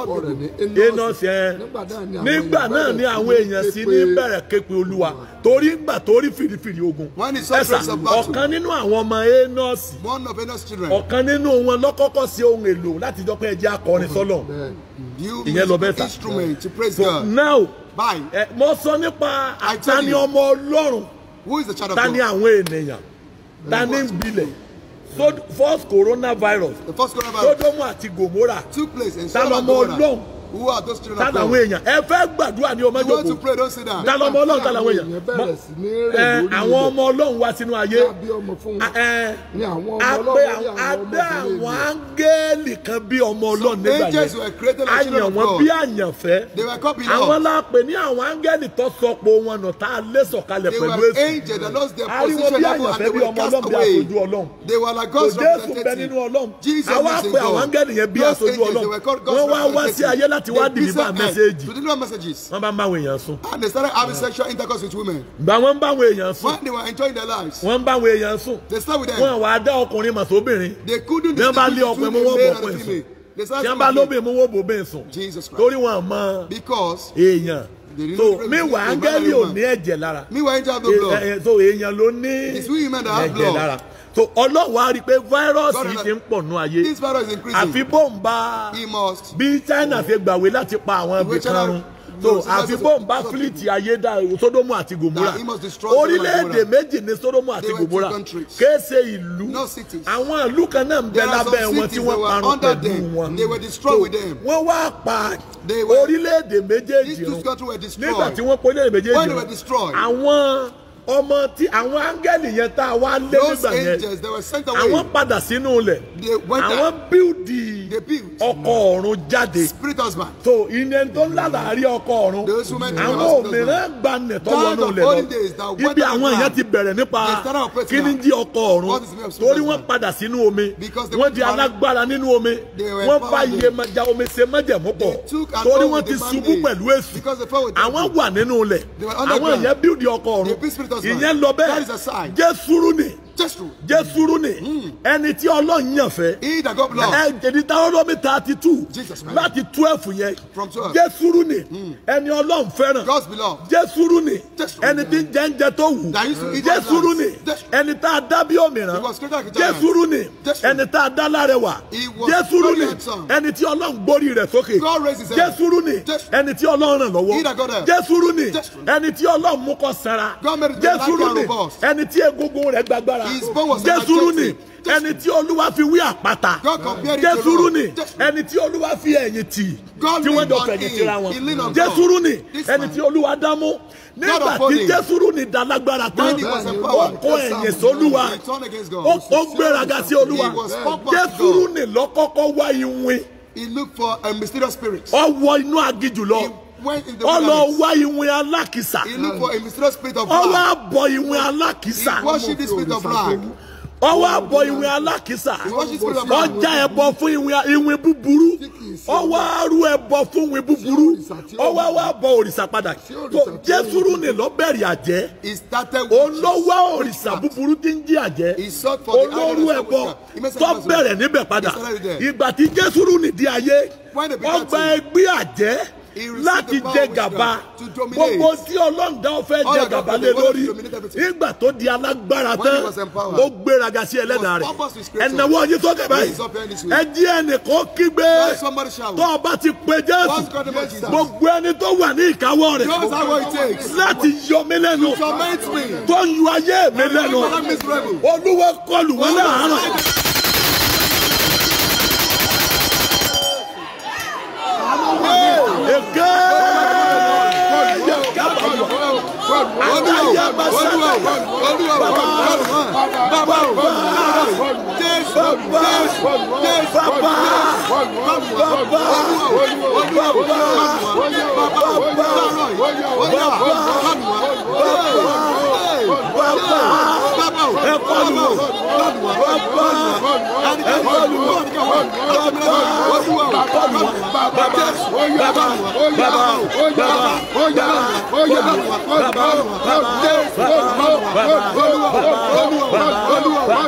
àwọn èèyàn iná ṣe eh. nígbà náà ni àwọn èèyàn sì ní bẹ̀rẹ̀ képe olúwa torí ngbà torí fìrìfìrì ogun ẹ̀sà ọ̀kan nínú àwọn ọmọ enọ́ọ̀sì ọ̀kan nínú wọn lọ́kọ́kọ́ sí ohun èlò láti jọ pé ẹ jẹ́ akọrin sọlọ́n ìyẹn lọ bẹ́ẹ̀ sà so now mo sọ nípa àtàní ọmọ ọlọ́run tani àwọn ènìyàn tani ń bilẹ̀ so first coronavirus. the first coronavirus. Sódómù àti Gòmórà. took place in Sodom and Gòmórà. ta who are those children of God. tàlàwọn èèyàn ẹ fẹ́ gbàdúrà ní ọmọ ìjọba. you want to pray don't say that. tàlà ọmọ ọlọ́run tàlàwọn èèyàn àwọn ọmọ ọlọ́run wá sínú ayé abẹ́ àwọn áńgẹ́lì kan bí ọmọ ọlọ́run nígbà yẹn àyàn wọn bí àyànfẹ́ àwọn lápè ní àwọn áńgẹ́lì tó sọpọ̀ wọn nù tá a lé sọ̀kalẹ̀ pẹ̀lú èsì ariwo bí àyànfẹ́ bí ọmọ ọlọ́run bí aṣojú ọlọ́run kò Jésù bẹ nínú ọlọ́run àwa pè àwọn áńgẹ́lì yẹn bí aṣojú ọlọ́run wọ́n wá wá sí ayé lá láti wá deliver message. to deliver messages. wọ́n bá ń bá àwọn èèyàn sùn. and they started having sexual intercourse with women. gba wọ́n ń bá àwọn èèyàn sùn. when they were enjoying their lives. wọ́n ń bá àwọn èèyàn sùn. they slept with them. wọ́n wàá dá ọkùnrin mọ̀ sóbìnrin. they couldn't distinguish between the male and the female tí wọn bá lóbìn mú wóbò bẹ́ẹ̀ sùn torí wọn mọ èèyàn so meanwhile angeli ò ní ẹ̀jẹ̀ lára so èèyàn ló ní ẹ̀jẹ̀ lára so ọlọ́wọ́ á rí i pé fáírọ́ọ̀sì yìí ti ń pọ̀ nú ayé àfi bọ́ǹba bí China ṣe gbàwé láti pa àwọn ibi kan run so àfi bọ́ǹba fílìtì ayé dá Sódómù àti Gòmórà orílẹ̀-èdè méjì ní Sódómù àti Gòmórà kìí ṣe ìlú àwọn ìlú kan náà ń bẹ lábẹ́ wọn tí wọ́n parun pẹ̀lú wọn so wọ́n wá pa orílẹ̀-èdè méjèèjì run nígbà tí wọ́n pọ̀ orílẹ̀-èdè méjèèjì run àwọn ọmọ tí àwọn áńgẹ́lì yẹn tá a wá lé nígbà yẹn àwọn padà sínú ilẹ̀ àwọn bíldì ọkọ̀ ọ̀run jáde so ìyẹn tó ń lálàárí ọkọ̀ ọ̀run àwọn òmìnira gbanẹ̀ tó wọnú ilẹ̀ lọ ibi àwọn èèyàn ti bẹ̀rẹ̀ nípa kíní jí ọkọ̀ ọ̀run torí wọ́n padà sínú omi wọ́n di alágbára nínú omi wọ́n bá Yemaja omi ṣe májẹ̀mú pọ̀ torí wọ́n ti ṣubú pẹ̀lú Èṣù àwọn wà nínú ilẹ̀ àwọn èèyàn bíldì ọkọ̀ ọ̀run ìyẹn lọ bẹ́ẹ̀ jésù rú ni. Jésù. Jésùrú ni. Hmm. Ẹni tí Ọlọ́run yàn fẹ́. He that God bless. Ẹ jẹ̀dí táwọn ọlọ́mi thirty two. Jesus Láti twelve yẹn. From twelve. Jésùrú ni. Hmm. Ẹni Ọlọ́run fẹ́ràn. God's beloved. Jésùrú ni. Ẹni tí ń jẹ tó wù. Jésùrú ni. Ẹni tá a dá bí òmìrán. Jésùrú ni. Ẹni tá a dá lárẹwà. Jésùrú ni. Ẹni tí Ọlọ́run gbórí rẹ̀ sókè. Jésùrú ni. Ẹni tí Ọlọ́run ràn lọ́wọ́. Jésùrú ni. Ẹni tí Ọlọ́run mú kó sanra. Jésùrú ni. Ẹni tí egungun rẹ̀ gbàgbára. Jésùrú ni ẹni tí Olúwa fi wí àpáta Jésùrú ni ẹni tí Olúwa fi ẹ̀yìn tì tí wọ́n jọ fẹ̀yìn tìra wọn Jésùrú ni ẹni tí Olúwa dámú nígbà tí Jésùrú ni dalagbara tán ó kó ẹ̀yìn sólúwa ó gbéraga sí Olúwa Jésùrú ni lọ́kọ́kọ́ wá iwin. Ọwọ́ inú aginjù lọ ó lọ wá ìwìn alákìsà ó wá bọ ìwìn alákìsà ó wá bọ ìwìn alákìsà ó já ẹbọ fún ìwìn búburú ó wá rú ẹbọ fún ìwìn búburú ó wá wá bọ òrìṣà padà jésùrú ni lọ́bẹ̀rì àjẹ́ olówó òrìṣà búburú tí ń jí àjẹ́ olórú ẹbọ tó bẹ̀rẹ̀ níbẹ̀ padà ìgbà tí jésùrú nìdí ayé ọgbà ẹgbẹ́ àjẹ́ láti jẹ gàba gbogbo tí ọlọ́run dá jẹ gàba lé lórí nígbà tó di alágbára tán ó gbéraga sí ẹlẹ́dàá rẹ̀ ẹ̀nàwó ọyẹ tó báyìí ẹjí ẹnìkan kígbe tó o bá ti pe jésù gbogbo ẹni tó wà ní ìkáwọ́ rẹ̀ láti yọ mí lẹ́nu tó ń yọ ayé mi lẹ́nu olúwa kọlù wọn láàárọ̀. Olúwa bàbá Jésù Jésù Jésù bàbá bàbá Olúwa bàbá bàbá bàbá bàbá bàbá. ẹ kọlù wò bàbá ẹ kọlù wò bàbá kọlù wò bàbá bàbá bàbá bàbá bàbá bàbá bàbá bàbá bàbá bàbá. Yes,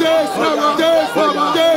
yes, yes. Yes, Baba. Yes, Baba. Yes, Baba.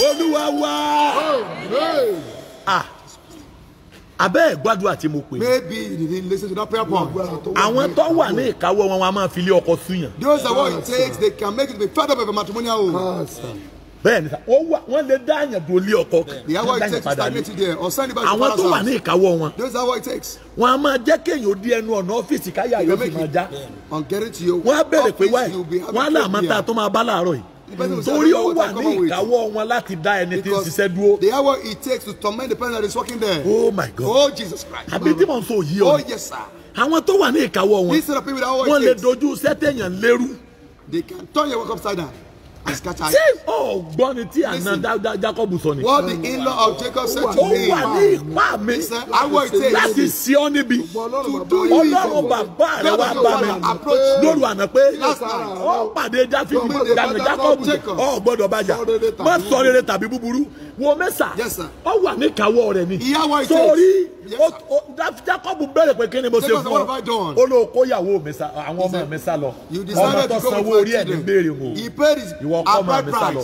olúwa wá. ah abẹ́ ìgbádùn àti mo pè. maybe you didn't listen to that prayer point. àwọn tó wà ní ìkáwọ́ wọn wọn a máa fi ilé ọkọ súnyàn. those are what it takes they can make it be fed up with a matrimonial home. bẹ́ẹ̀ni sa wọn wà wọn lè dá àyàn dùn ilé ọkọ lẹ́yìn padà ní. àwọn tó wà ní ìkáwọ́ wọn. those are what it takes. wọn a máa jẹ́ kéèyàn di ẹnu ọ̀nà ọ́fíìsì káyà yóò fi máa já. on to your office you will be having a problem. wọn á bẹ̀rẹ̀ pé wáyé wọn á láàmú tá a tó máa bá láàárọ̀ yìí torí ó wà ní ìkáwọ́ wọn láti dá ẹni tí ń ṣiṣẹ́ dúró. they have what it takes to torment the person that is working there. oh my God oh Jesus Christ. àbí tí mò ń sọ yìí o. oh yes sir. àwọn tó wà ní ìkáwọ́ wọn wọ́n lè dojú sẹ́tẹ̀yàn lérú. they can turn your work upside down his catcher. ṣé ọgbọ́n ni tí àná Jacob sọ ni. what the in-law of Jacob said to him. ó wà ní ipá mi láti ṣe ọ́ níbi ọlọ́run bàbá rẹ̀ wá bá mi lóru àná pé ó pàdé Dáfídì dànù Jacob ọ̀ gbọ́dọ̀ bàjá má sọ rere tàbí búburú wo mẹ́sà ọ wà ní ìkáwọ́ rẹ̀ ni sórí Jacob bẹ̀rẹ̀ pé kí ni mo ṣe fún ọ ó lóko yàwó àwọn ọmọ mẹ́sà lọ ọmọ tó sanwó orí ẹ̀ ní béèrè wò ìwọ ìwọ kọ́ máa mi sá lọ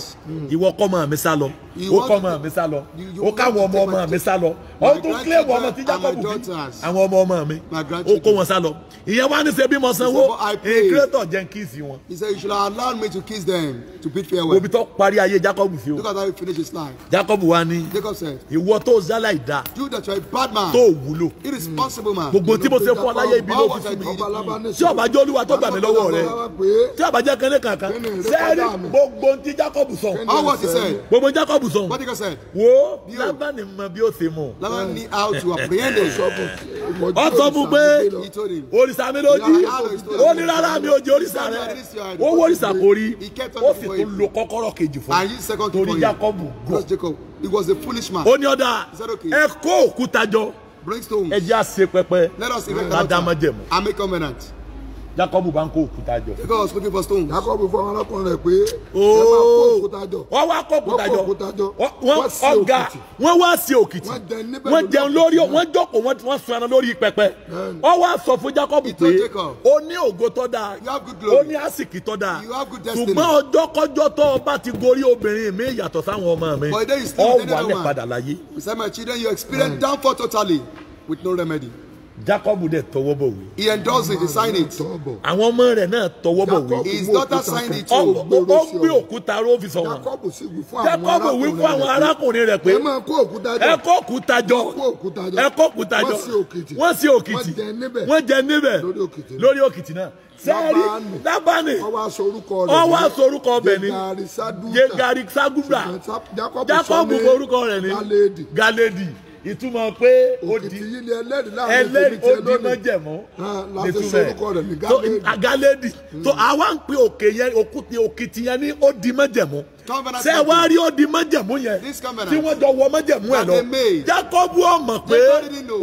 ìwọ kọ́ máa mi sá lọ ó kọ́ ọmọ mi sá lọ ó káwọ ọmọ ọmọ mi sá lọ ó tún kílẹ̀ wọ ọmọ tí Jacob bí àwọn ọmọ ọmọ mi ó kó wọn sá lọ ìyẹn wá ní ṣe bí mo sanwó ìkírẹ́tọ̀ jẹ́ ń kíìsì wọn. he said you should allow me to kiss them to bid farewell. obi tó parí ayé Jacob fi o. look at how he finish his life. Jacob wá ní. Jacob said. ìwọ tó zálà ìdá. you that you a bad man. tó wúlò. irresponsible man. gbogbo tí mo ṣe fún ọláyé ibi ló fi fún mi. tí ọba jẹ́ olúwa tó gbà mí lọ́wọ́ rẹ tí ọba jẹ́ kẹ́lẹ́ kankan sẹ́ẹ̀rì gbogbo ti Jacob sọ. how was he said. gbogbo Jacob bible what did God say. wo laban ni mọ bí o ṣe mọ. laban ni how to apprehend the trouble. ọ sọ fún pé òrìṣà mi ló jí ó ní rárá mi ò jí òrìṣà rẹ ó wọ òrìṣà kò rí ó sì lo kọ́kọ́rọ́ kejì fún un torí jacob gọ. he was a foolish man. ó ní ọ̀dà ẹ kó òkúta jọ ẹ jẹ́ àṣepẹpẹ ládàmájẹ̀mú jacob bá ń kó òkúta jọ. ṣé káwọn sókè boston. jacob fọ àwọn arákùnrin rẹ pé. ooo wọ́n wá kó òkúta jọ wọ́n ọ̀gá wọ́n wá sí òkìtì wọ́n jẹun lórí wọ́n jókòó wọ́n sun ẹran lórí pẹpẹ wọ́n wá sọ fún jacob pé o ní ògo tó dáa o ní àsìkì tó dáa ṣùgbọ́n ọjọ́ kọjọ́ tó o bá ti gorí obìnrin mi yàtọ̀ sáwọn ọmọ mi ọ̀ wà lẹ̀ padà láyé. with no remedy. Jacob dẹ̀ tọwọ́ bọ̀ wí. He endorsed it, he signed it. Àwọn ọmọ rẹ̀ náà tọwọ́ bọ̀ wí. His daughter signed it too. Ó gbé òkúta rófìsọ wọn. Jacob wí fún àwọn arákùnrin rẹ̀ pé ẹ kó òkúta jọ ẹ kó òkúta jọ wọ́n sí òkìtì wọ́n jẹ níbẹ̀ lórí òkìtì náà sẹ́ẹ̀rí lábánì ọwọ́ àsorúkọ ọbẹ̀ ni yegari saguda Jacob orúkọ rẹ̀ ni Galedi ìtumọ̀ pé odi ẹlẹ́rìí odi mọ́jẹ̀mú ìtumọ̀ galẹ́dì tó àwa ń pe òkè yẹn òkùtì òkìtì yẹn ní odi mọ́jẹ̀mú ṣé ẹ wá rí odi mọ́jẹ̀mú yẹn tí wọ́n jọ wọ mọ́jẹ̀mú ẹ̀ lọ Jákọ́bù ọmọ pé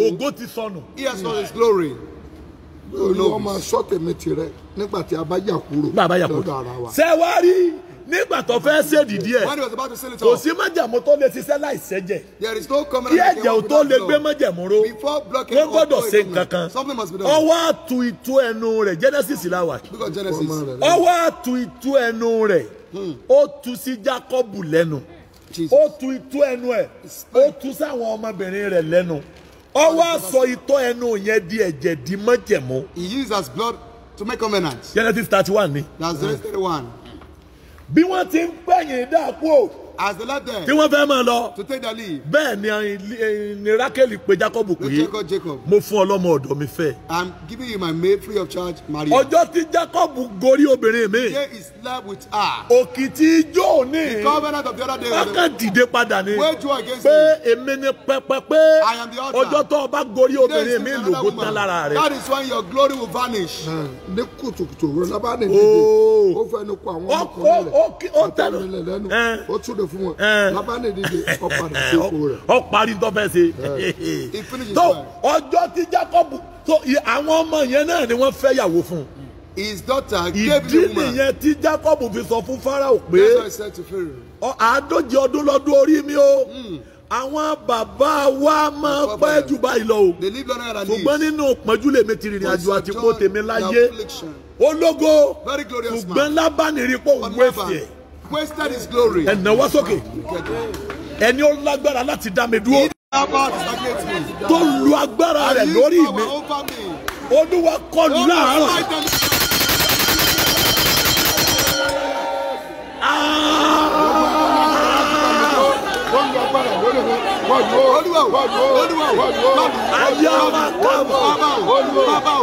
ògo ti sọnù. olùwọ́n máa sọ tèmi tirẹ̀ nígbà tí a bá yà kúrò lọ́dọ̀ ara wa. ṣé wá rí nígbà tó fẹ́ ṣèdì díẹ̀ kò sí májàmú tó lè ṣiṣẹ́ láìsẹ́ jẹ kí ẹ̀jẹ̀ ò tó lè gbé májàmú ró wọ́n gbọ́dọ̀ ṣe nǹkan kan ọwọ́ àtú itú ẹnu rẹ̀ Genesis la wà ọwọ́ àtú itú ẹnu rẹ̀ hmm. ó tú sí Jacob lẹ́nu ó tú itú ẹnu ẹ̀ ó tú sáwọn ọmọbìnrin rẹ̀ lẹ́nu ọwọ́ àsọ itọ́ ẹnu yẹn di ẹ̀jẹ̀ di májàmú. He used as blood to make covenant. Genesis thirty one ni. that's Genesis thirty one bí wọ́n ti ń pẹ̀yìn dákú o as they left there, tí wọ́n fẹ́ máa lọ. to take their leave. bẹ́ẹ̀ ni eh, ni Rákélì pe Jacob pé. they call Jacob. mo fún ọlọ́mọ ọ̀dọ̀ mi fẹ́. I'm giving you my maid free of charge Maria. ọjọ́ tí Jacob gorí obìnrin mi. Here is love with her. òkìtì ijó ni. the covenant of the other day. wọ́n kàn dìde padà ni. wage war against me. pé èmi ni pẹpẹ pé. I am the altar. ọjọ́ tó o bá gorí obìnrin mi lògó tán lára rẹ. that is when your glory will vanish. ní kùtùkùtù rẹ lábàá nìyí. ó fẹnu kọ àwọn ọmọkùnrin rẹ ó tẹnu ó tún lè fún wọn lábánidìde ọ̀parí sẹ́kù rẹ̀. tó fẹ́ ṣe. tó eh. ọjọ́ tí Jacob tó àwọn ọmọ yẹn náà ni wọ́n fẹ́ yàwó fún His daughter gave the woman. Ìdí nìyẹn tí Jacob fi sọ fún Pharaoh pé. Àádóje ọdún lọ́dún orí mi o. Hmm. Àwọn bàbá wa máa pẹ́ jù báyìí lọ o. Ṣùgbọ́n nínú pọ́njú lèmi ti rìnrìn àjò àti kó tèmi láyé. Ológo. man. Ṣùgbọ́n lábániripọ̀ òun wé fìyẹ wasted his glory. ẹ náwó sókè ẹni ó lágbára láti dá mi dúró. tó lu agbára rẹ̀ lórí mi olúwa kọlù láàárọ̀. Ah! olúwa o olúwa o ayé ọba kàmú bàbá o bàbá o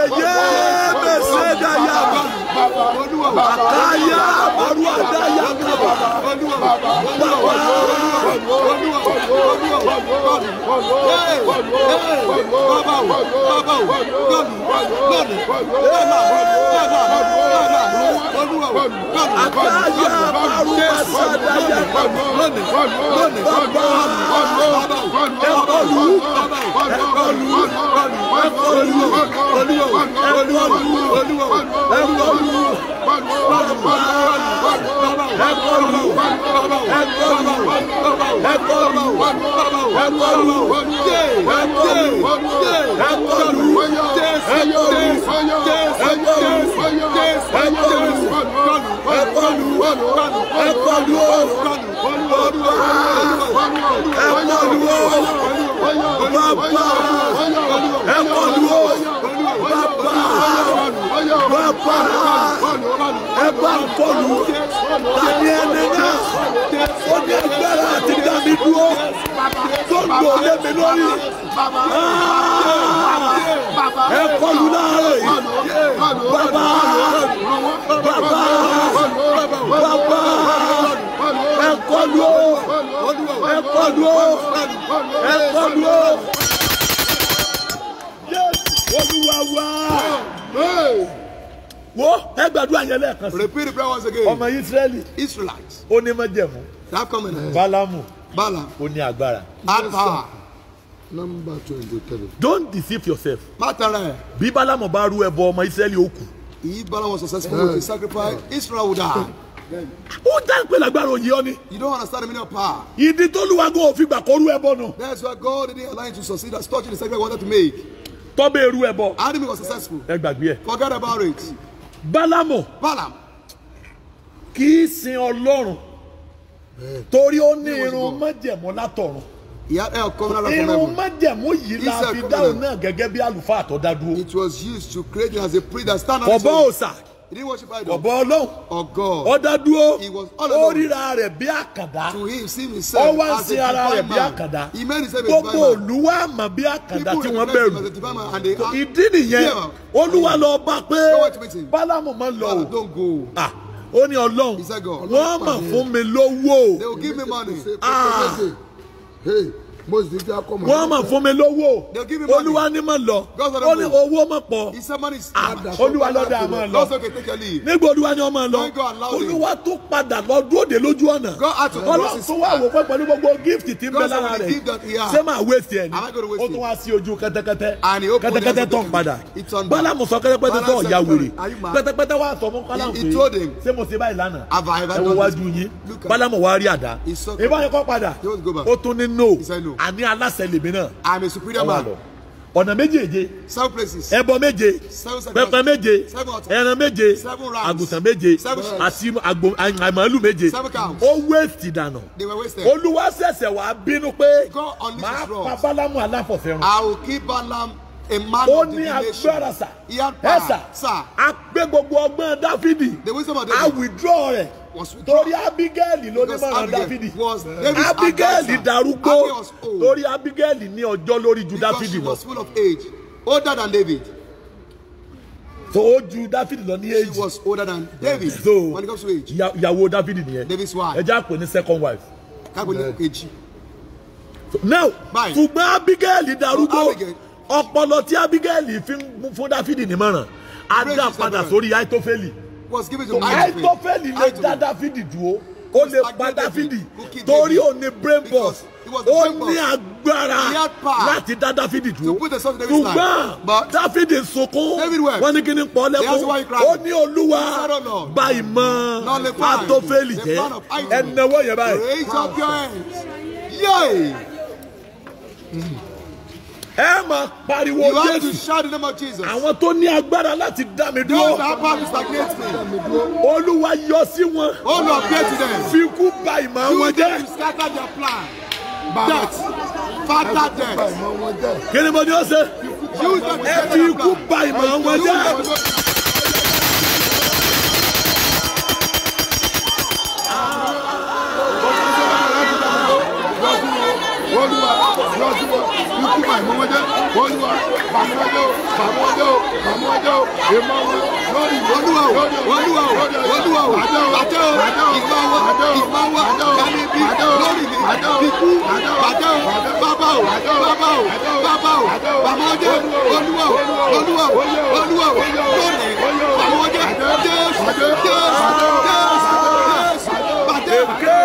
èké yá èyé bẹsẹ̀ dayà àkáyà olúwa dayà kàmá bàbá. Yes, yes, yes, yes, yes. Baba! Baba! Ẹ bá kọlu! àmì ẹni náà ó ní agbára àti dá mi dúró tó ń lò lé mi lórí ẹ kọlu láàárọ̀ yìí bàbá bàbá bàbá ẹ kọlu ó ẹ kọlu ó ẹ kọlu ó. Olúwa wa. Hey! wo ẹ gbàdúrà yẹn lẹ́ẹ̀kan sí. repeat the prayer once again. ọmọ israeli. israelite. ó ní májẹ̀mú. that comment. balamu. bala. ó ní agbára. that power. number twenty-three. don't deceive yourself. má tẹ̀ra ẹ̀. bí balamu bá rú ẹbọ ọmọ israeli ó kú. if balamu was successful with his sacrifice israel would die. ó dá ìpè lágbára òye ọ ni. you don't understand the meaning of power. ìdí tó lùwàgó òfin gbà kó rú ẹbọ nù. that's why God didn't allow him to succeed as touching the sacrifice he wanted to make. tọ́bẹ̀ eru ẹbọ. enemy was successful. ẹ gbàgbé ẹ. forget about it bálámọ̀ kì í sin ọlọ́run torí ó ní irun májẹ̀mú látọ̀run irun májẹ̀mú yìí la fi dáhùn náà gẹ́gẹ́ bí àlùfáà tó dúró. it was used to create as a prayer that stand on ọ̀bọ ọlọ́run ọ̀dá dúró ó ríra rẹ̀ bí àkàndá ó wá sí ara rẹ̀ bí àkàndá gbogbo olúwa àmà bí àkàndá tí wọ́n bẹ̀rù ìdí nìyẹn olúwa lọ bá pé bálámù máa lọ o ó ní ọlọ́run wọ́n máa fún mi lówó wọ́n mọ̀ fún mi lówó olúwa ní mọ̀ lọ ó ní owó mọ̀ pọ̀ ah, olúwa lọ́dọ̀ àmọ́ lọ nígbà olúwa ni ọmọ lọ olúwa tó padà lọ dúró de lójú ọ̀nà ọlọ́run tó wà wò pé pẹ̀lú gbogbo gift tí ń bẹ lára rẹ̀ ṣé máa wé tiẹ̀ ni ó tún wá sí ojú kẹ́tẹ́kẹ́tẹ́ kẹ́tẹ́kẹ́tẹ́ tọ̀ ń padà bọ́lá mọ̀ sọ kẹ́tẹ́kẹ́tẹ́ tọ̀ ọ̀ya wèrè kẹ́tẹ́kẹ́tẹ́ wà sọ fún kọ́lá pé ṣé mo ṣe báyìí lánàá ẹ wọ́n wájú yín bọ́lá mọ̀ wá rí àdá ìbáyẹn kọ́ padà ó tún ní no lò. àní aláṣẹ lèmi náà. i'm a superior man. ọ̀nà méjèèje. seven places. ẹbọ méje. seven sacrifices. pẹpẹ méje. seven altars. ẹran méje. seven rams. àgùntàn méje. seven sheep. àti àgbo àmàlù méje. seven cows. ó wéètì dànù. they were wasted. olúwa ṣẹ̀ṣẹ̀ wàá bínú pé. go on this road. máa pa bálámù aláfọ̀fẹ́ràn. i will keep balaam a man ó ní agbára sà ẹ sà a gbé gbogbo ọgbọ́n dáfídì a withdraw rẹ̀ torí abigail ló ní mọ̀ràn dáfídì abigail darúgbó torí abigail ní ọjọ́ lórí ju dáfídì lọ. older than david. so ó ju dáfídì lọ ní age. she was older than david. so ìyàwó dáfídì nìyẹn. david's wife. ẹ jẹ́ àpò ní second wife. kápẹ́ ní kejì. now ṣùgbọ́n abigail darúgbó ọpọlọ tí abigail fi ń fún dáfídì nímọ̀ràn á dá padà sórí àìtófẹ́lì àìtófẹ́lì lè dá dáfídì dúró ó lè pa dáfídì torí ó ní brain boss ó ní agbára láti dá dáfídì dúró ṣùgbọ́n dáfídì sunkún wọ́n ní kí ni pọ́ lẹ́kún ó ní olúwa oh, gba ìmọ̀ àtọ́fẹ́lì jẹ́ ẹ̀nẹ́wọ́ yẹn báyìí ẹ máa pariwo Jésù. you have to shout the name of Jesus. àwọn tó ní agbára láti dá mi dúró. those that have power to stagnate me. olúwa yọ sí wọn. all of them today. fi kú bà ìmọ̀ wọn You do them scatter their plan. death father death. kí ni mo ní o ṣe. ẹ fi ikú bà ìmọ̀ wọn jẹ́. Olúwa, lọ́dún wa ikú àìmọ́wọ́jẹ́ olúwa bàmọ́jẹ́ o bàmọ́jẹ́ o bàmọ́jẹ́ o èmọ́ wọn lórí olúwa o olúwa o olúwa o bàjẹ́ o ìgbà wa ìgbà wa kálí bí lórí mi ikú bàjẹ́ o bàbá o bàbá o bàbá o bàmọ́jẹ́ olúwa o olúwa o olúwa o lórí bàmọ́jẹ́ jésù jésù jésù jésù bàjẹ́.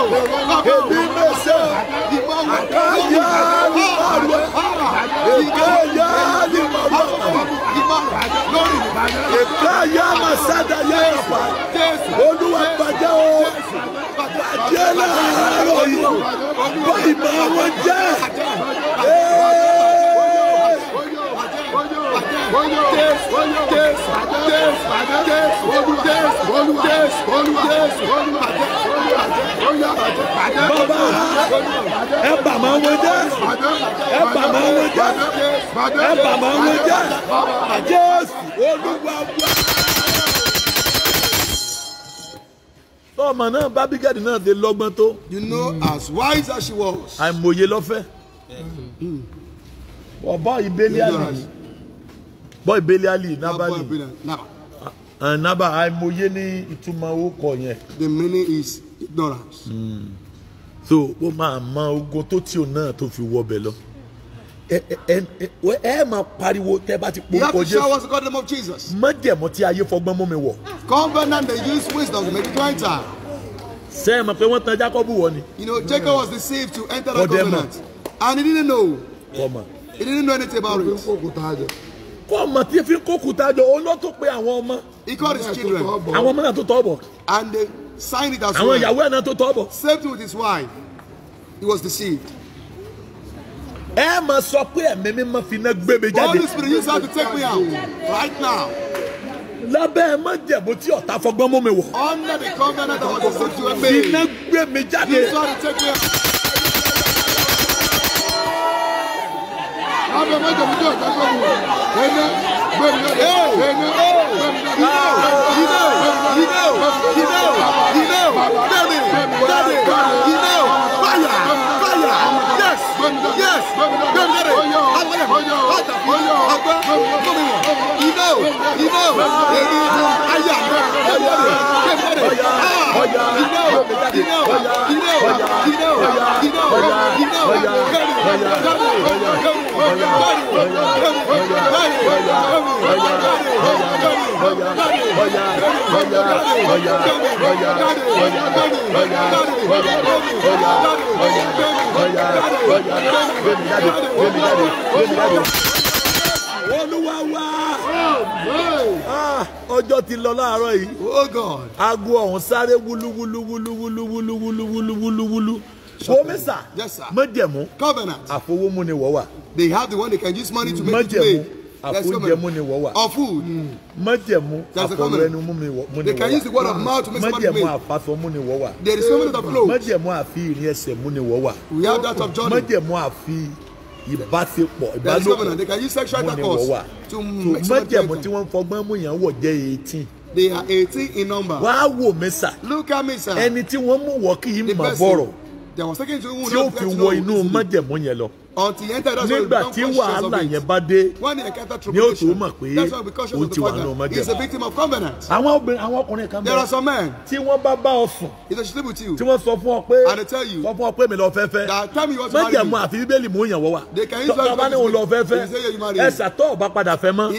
èmi mẹ́sẹ̀ ìkáyà ìmọ̀rọ̀ ìkáyà ìmọ̀rọ̀ ìkáyà màsádà yẹ ẹ̀fà olúwa bàjẹ́ o bàjẹ́ láàárọ̀ yìí bá ìmọ̀ wọn jẹ́ ẹ̀ẹ́ bàbá ẹ bà máa wọ jẹ ẹ bà náà dé lọ́gbọ́n tó. you know mm. as wise as she was. àìmọye lọ́fẹ́. ọ̀bá ìbélià nìyí boy beliali nabali ah, ah, naba àìmọye ní ìtumọ̀ orúkọ yẹn. the meaning is ignorance. Mm. so ó máa mọ ogun tó tí o náà tó fi wọ bẹ lọ ẹ ẹ ẹ máa pariwo tẹ bá ti porúkọ Jésù mọ́jẹ̀mọ́ tí ayé fọgbọ́n mú mi wọ̀. covenant they use wisdom to make it enter. sẹ́yìn mọ̀ pé wọ́n tan Jacob wọ̀ ni. you know Jacob was deceived to enter that covenant and he didn't know. kọ́mọ. he didn't know anything about it kó ọmọ tí fi ń kó kùtà jọ òun ló àwọn ọmọ. he called his children. àwọn ọmọ náà tó tọ́ bọ̀. and they signed it as well. àwọn ìyàwó ẹ̀ náà tó tọ́ bọ̀. same thing with his wife he was deceived. ẹ máa sọ pé ẹ̀mí mi máa fi iná gbé mi jáde. holy spirit use that to take me out right now lábẹ́ májẹ̀mú tí ọ̀tá fọgbọ́n mú mi wọ̀. under the covenant of the sanctuary. iná gbé mi jáde. you saw the take me out. abẹ mẹjọ mi jẹ ọjọ tó wù ẹnẹ gbẹmí ọdẹ ẹnẹ gbẹmí ọdẹ ìdè ìdè ìdè ìdè dẹbi dẹbi ìdè fire fire yes yes gbẹmí ọdẹ. bàtàkùn ọgbẹ́ gómìnà iná o iná o èmi ìlú ayé àná kébọ̀dé kébọ̀dé iná o iná o iná o iná o iná o iná o kẹ́mi kẹ́mi kẹ́mi kẹ́mi kẹ́mi kẹ́mi kẹ́mi kẹ́mi ọ̀yà ọ̀yà gbẹ̀mí jáde gbẹ̀mí jáde gbẹ̀mí jáde. olúwa wa ọjọ́ ti lọ láàárọ̀ yìí oh aago ọ̀hún sáré wúlúwúlúwúlúwúlúwúlúwúlúwúlúwúlú kòmísà májẹ̀mú àfọwọ́mú ni wọ́n wà. they have the one they can use money to make it pay àfúnjẹmú ni wọ́n wà. of food. Mm. májẹ̀mú àfọ̀rẹ́numú ni wọ́n wà. they can use the word of mm. mouth to make somebody pay. májẹ̀mú àfàsọmú ni wọ́n wà. there is so many that flow. májẹ̀mú àfi ìrìn ẹsẹ̀ mú ni wọ́n wà. we have that of Jordan. májẹ̀mú àfi ìbáṣepọ̀ ìbálòpọ̀ mú ni wọ́n wà. so májẹ̀mú tí wọ́n fọgbọ́n mú yẹn wọ̀ jẹ́ eighteen they are eighteen in number. wàá wò mí sà. look at me sir. ẹni tí wọ́n mú wọ́ kì í mọ̀ bọ̀rọ̀ tí ó fi wọ inú májẹ̀mú yẹn lọ nígbà tí wàhálà yẹn bá dé ni ó tó mọ̀ pé ó ti wà nù májẹ̀mú. àwọn obìnrin àwọn ọkùnrin kan bẹ̀rẹ̀ tí wọ́n bá bá ọ sùn tí wọ́n sọ fún ọ pé sọ fún ọ pé mi lọ fẹ́fẹ́ májẹ̀mú àfi bíbélì mú yàn wọ́ wa tọ́ka bá ní òun lọ fẹ́fẹ́ ẹ ṣàtọ́ ọba padà fẹ́ mọ́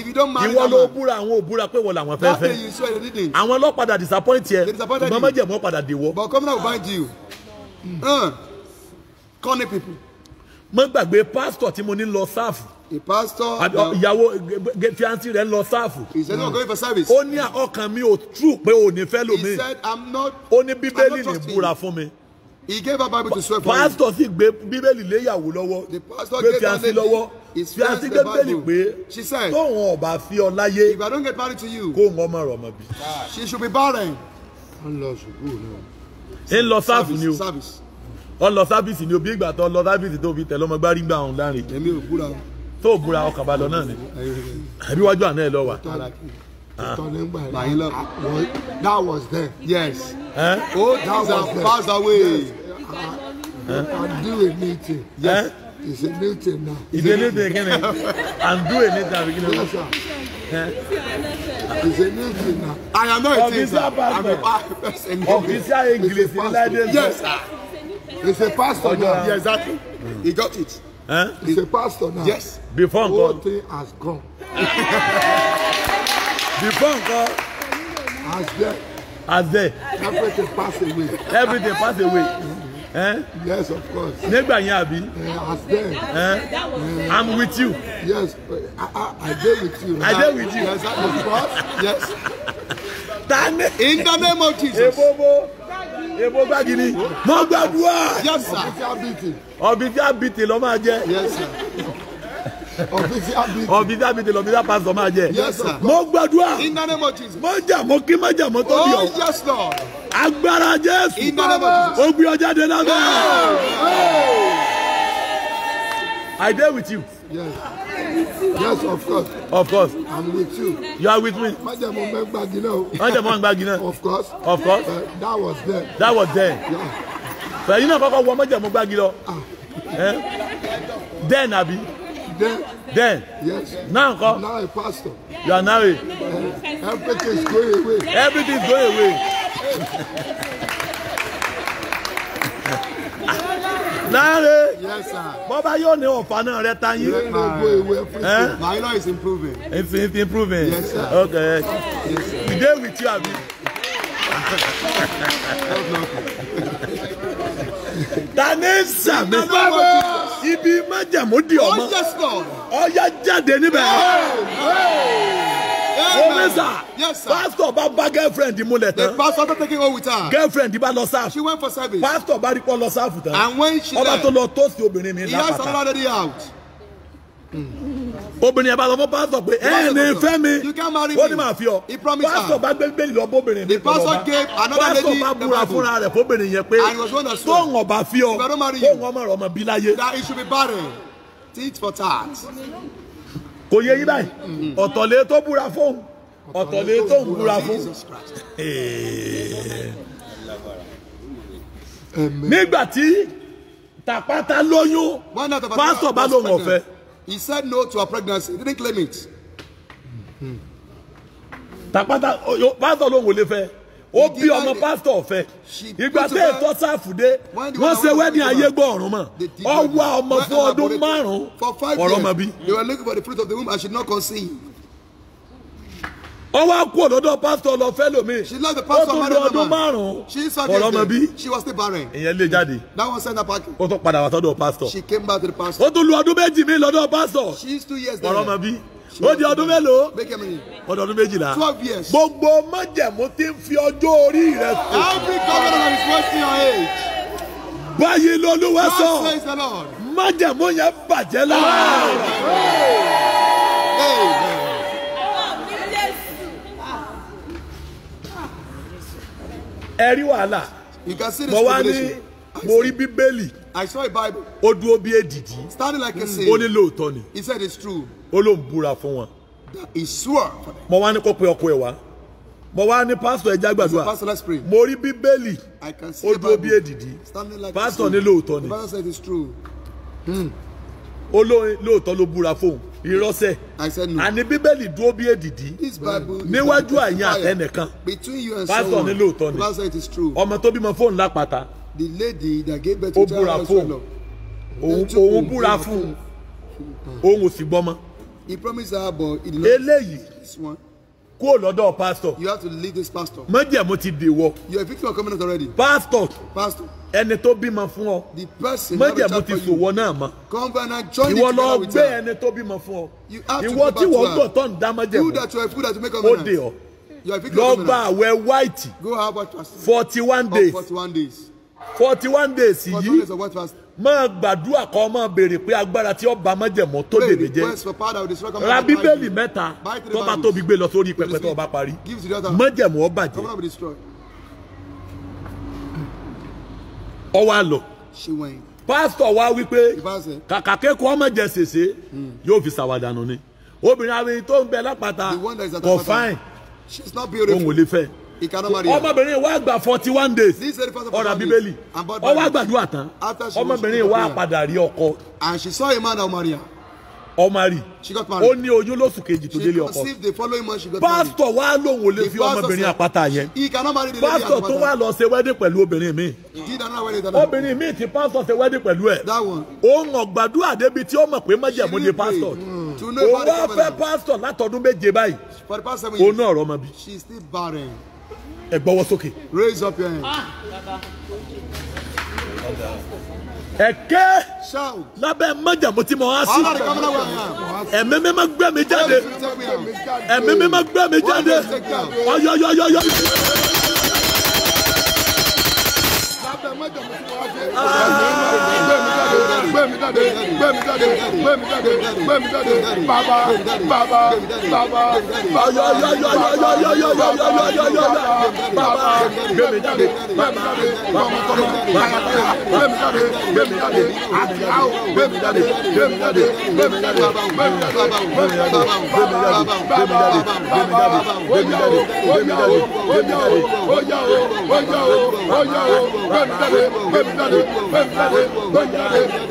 ìwọ ló búra àwọn ò búra pé wọ́n làwọn fẹ́fẹ́ àwọn ọlọ́padà disappoint yẹ ìgbọ́n májẹ̀mú padà dìwọ́ kọ́ni pipu. mo gbàgbé pásítọ̀ tí mo ní lọ sáàfù. a pastor. Uh, ìyàwó eh, eh, fiancé rẹ̀ lọ sáàfù. he said no I'm hmm. going for service. ó ní ah, ọkàn mi ò true pé ò ní fẹ́ lómi. he said i'm not. ó ní bíbélì ní búra fún mi. He gave her Bible to swear for him. Pastor sì gbé Bíbélì léyàwó lọ́wọ́. The pastor gave her Bíbélì lọ́wọ́. His fiancé gave Bíbélì pé. She said. Tóun ọba fi ọ láyé. If I don't get married to you. Kó ń ọmọ rọ̀ mọ́ bí. She should be barren. Wọ́n lọ ṣùgbọ́n náà ń lọ sáàfù ni o ọlọ sábìsì ni o bí ìgbà tó lọ sábìsì tó fi tẹ̀lé ọmọ gbárí gbà ọ̀hún láàrin. èmi ò búra o. tó o búra ọkà balọ̀ náà ni àbí wájú àná ẹ̀ lọ wà. Ah. that was then yes. oh that was far away. Ah, ah. I do a meeting. yes. It's a new thing now. It's a new thing, isn't it? I'm doing it now. Yes, sir. It's a new thing now. I am not a thing, sir. I'm a pastor. Official English. Yes, sir. It's a pastor now. Yeah, exactly. He got it. Huh? He's a pastor now. Yes. Before God. Whole thing has gone. Before God has there. Has there. Everything passed away. Everything passed away. Eh? Yes, of course. Never, yẹn eh, As then. Eh? I'm with you. Yes, I, I, I dey with you. Right? I dey with you. Yes, of course. Yes. In the name of Jesus. Ebobo. Ebo gbagini. Mo gbàdúrà. Yes, sir. Obi Ọbì tí a bìtì lọ́ máa je. Yes, sir ọ̀bísí abidjan ọ̀bísí pásítọ̀ máa jẹ mo gbàdúrà mo jà mo kí mo jà mo tóbi ọ oh, agbára jésù ó gbé ọjà dé lábẹ́. I there with you. Yes. Yes, of course. Of course. I'm with you. You are with me. of course. Of course. Uh, that was there. That was there. Yeah. So you know, Papa, one more time, Then, Abi. Then, then, yes. Now, come. Now a pastor. You are now a. Uh, everything is going away. Everything is going away. Láre. Yes, sir. Baba, you ní ọ̀fà náà rẹ ta yín. Let me go away eh? My law is improving. It's, it's improving. Yes, sir. Okay. Yes, sir. We dey with you, Abi. That is, sir. sàmì ibi májẹ̀mú di oh, ọmọ ọyá jáde níbẹ̀. Omi sà, pastor bá bá girlfriend múlẹ̀ tán. The pastor don take it home with her. Girlfriend bá lọ sáàfù. She went for service. Pastor bá rí pọ́ lọ sáàfù tán. And when she left, ọba tó lọ tóòsì obìnrin mi lápáta. He has already out obìnrin yẹn bá lọ fún pásítọ̀ pé ẹ ní fẹ́ mi ó ní màá fi ọ pásítọ̀ bá gbé bẹ́ẹ̀lì lọ bóbìnrin mi tó lọ bá pásítọ̀ bá búra fúnra rẹ̀ fóbìnrin yẹn pé tó ń ọ̀bà fi ọ kó ń ọmọ rẹ̀ ọmọ bí láyé. kò yẹ yí báyìí ọ̀tọ̀lẹ́ tó búra fóun ọ̀tọ̀lẹ́ tó ń búra fóun nígbà tí tàpátá lóyún pásítọ̀ bá lóun ọ̀fẹ́. He said no to her pregnancy. He didn't claim it. Tapata oh, pastor ló wò lè fẹ́. Ó bí ọmọ pastor fẹ́. Ìgbà tẹ́ ẹ̀ tọ́ sáàfù dé. Wọ́n ṣe wedding ayé gbọ́ ọ̀run mọ̀. Ó wá ọmọ fún ọdún márùn-ún. For five years, they were looking for the fruit of the womb and she did not conceive wọ́n wá kú ọ̀dọ́dọ́ pásítọ̀ lọ fẹ́ lómi. she left the pastor married woman. ó ọdún márùn she is surgeon ọ̀rọ̀ ọmọ she was still barren. ìyẹn lè jáde. that one send her back. ó tún padà wá sọ́dọ̀ pásítọ̀. she came back to the pastor. ó tún lu ọdún méjì mi lọ́dọ̀ pásítọ̀. she is two years there. ọ̀rọ̀ ọmọ bí. ó di ọdún mélòó. ọdún ọdún méjìlá. twelve years. gbogbo májẹ̀mú ti ń fi ọjọ́ orí rẹ̀ kù. every government is wasting your age. báyìí lolúwa sọ májẹ̀mú yẹn bàjẹ́ láàárọ̀. ẹ rí wàhálà mo wá ní mo rí bíbélì ó dúró bí èdìdì mm. ó ní lóòótọ́ ni ó ló ń búra fún wọn mo wá ní kó pe ọkọ ẹ̀ wá mo wá ní pásítọ̀ ẹja gbàdúrà mo rí bíbélì ó dúró bí èdìdì pásítọ̀ ní lóòótọ́ ni hmm. ó lóòótọ́ ló búra fóun ìrọsẹ àní bíbélì dúró bí èdìdí níwájú àyìn àtẹnìkan pásítọ̀ ní lóòótọ́ ni ọmọ tó bímọ fóònù lápáta ó búra fóònù òun búra fún òun ò sì gbọ́mọ eléyìí kúrò lọ́dọ̀ pastor. you have to leave this pastor. májẹ̀mú ti dèwọ. your victim are coming out already. pastor. pastor. ẹni tó bímọ fún ọ. the person have a child for you. májẹ̀mú ti fòwọ́ náà mọ́. convene and join the together with her. ìwọ lọ gbé ẹni tó bímọ fún ọ. you have to go back to her. ìwọ tí wọ́n gbọ̀ tó ń dá májẹ̀mú. you that you are that you make covenant. ó dè ọ. your victim are coming out. lọ gba àwẹ̀ white. go have a fast. forty one days. forty one days forty one days yìí máa gbàdúrà kó máa béèrè pé agbára tí ọba májẹ̀mọ́ tó lè lè jẹ́ ra bíbélì mẹ́ta tó bá tóbi gbé lọ sórí pẹpẹ tó bá parí májẹ̀mọ́ bàjẹ́ ọwọ́ àlọ́ pásítọ̀ wa wípé kàkà kékun ọmọ jẹ sèse hmm. yóò fi ṣàwàdànù ni obìnrin awin tó ń bẹ lápáta kò fáìn òun ò lè fẹ́ ọmọbìnrin wa gba forty one days ọ̀rọ̀ bíbélì ó wá gbàdúrà tán ọmọbìnrin wa padà rí ọkọ. and she saw a man that marry her ọmọrì ó ní oyún lóṣù kejì tó délé ọkọ pásítọ̀ wa lòun ò lè fi ọmọbìnrin àpáta yẹn pásítọ̀ tó wà lọ ṣe wẹ́dí pẹ̀lú obìnrin mi obìnrin mi ti pásítọ̀ ṣe wẹ́dí pẹ̀lú ẹ̀ òun ọ̀gbàdúrà débi tí ó mọ̀ pé májẹ̀mú ni pásítọ̀ hmm. òun wá fẹ́ pásítọ̀ látọdún méje báyìí òun náà rọ́mọ bí ẹ sókè. raise up your hand. Ah, ẹ̀kẹ́ lábẹ́ májàmú tí mo wá sí. ẹ̀mí mi máa gbé mi jáde ẹ̀mí mi máa gbé mi jáde ọ̀yọ̀yọ̀yọ̀yọ̀. lábẹ́ májàmú tí mo wá sí. Ah gbé mi jáde gbé mi jáde gbé mi jáde gbé mi jáde bàbá bàbá bàbá bàbá bàbá gbé mi jáde gbé mi jáde tọmọtọmọ bàbá gbé mi jáde gbé mi jáde àdìyá o gbé mi jáde gbé mi jáde gbé mi jáde gbé mi jáde gbé mi jáde gbé mi jáde gbé mi jáde gbé mi jáde gbé mi jáde gbé mi jáde ó yá o ó yá o ó yá o gbé mi jáde gbé mi jáde gbé mi jáde gbé mi jáde.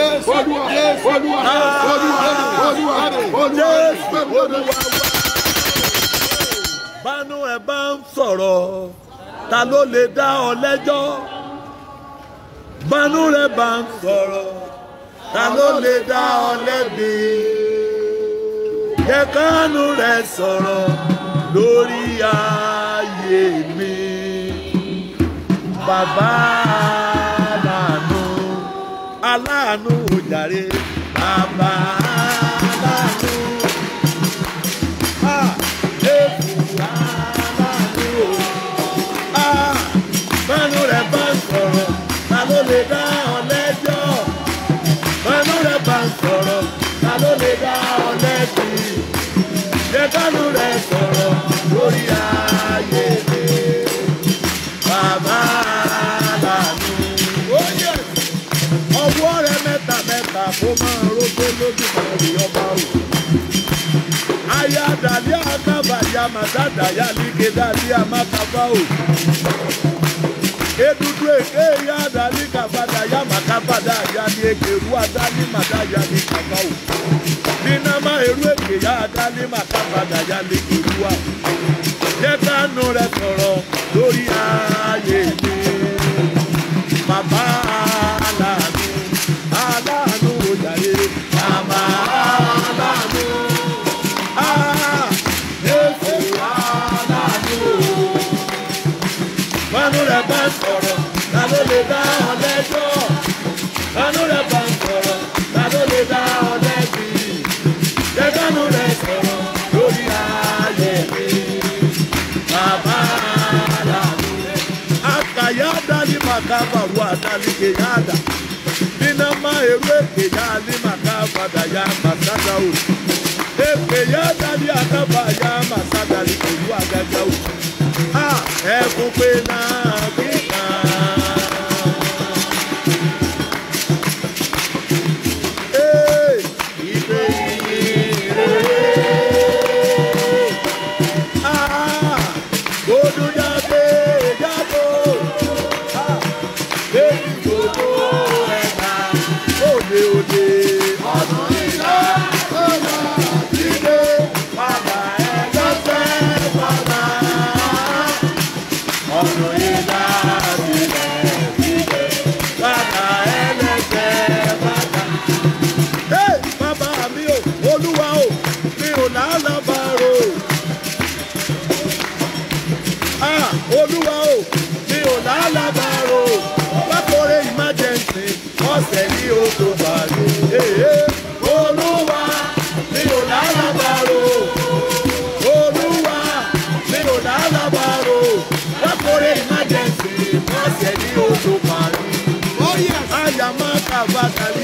olúwa olúwa olúwa olúwa olúwa. bánú ẹ bá ń sọ̀rọ̀ ta ló lè dá ọ lẹ́jọ́ bánú rẹ bá ń sọ̀rọ̀ ta ló lè dá ọ lẹ́bi jẹ́ rẹ sọ̀rọ̀ lórí ayé mi bàbá aláàánú òjàre bàbá aláàánú. Ah, ah, Bẹ́ẹ̀ni rẹ̀ bá ń sọ̀rọ̀, ta ló lè dá ọ lẹ́jọ́? Bẹ́ẹ̀ni rẹ̀ bá ń sọ̀rọ̀, ta ló lè dá ọ lẹ́bi? Jẹ́ kánú ó máa rógbó lójú kẹrì ọba o. ayádàlí àkàbàyà màdàdàyà lígedàlí àmàkàbà o. edudu èké yádàlí kàbàdàyà màkàbàdà àyàlí èkèrú àdàlí màdàyà ní kàbà o. nínàmà èrú èké yádàlí màkàbàdà àyàlí èkèrú wa. jẹ́ lè dá ọ lẹ́jọ́ ẹnu rẹ̀ bá ń sọ̀rọ̀ ta ló lè dá ọ lẹ́bi jẹ́kánú rẹ̀ sọ̀rọ̀ lórí ayé mi bàbá làlùyẹ. àkàyà dálí màkàbà wọ àdálí kéyàdà nínà má ewé kéyàlí màkàbà dàyà màsádà o. èpè yá dálí àkàbà yá màsádà lè pẹ̀lú àgàgà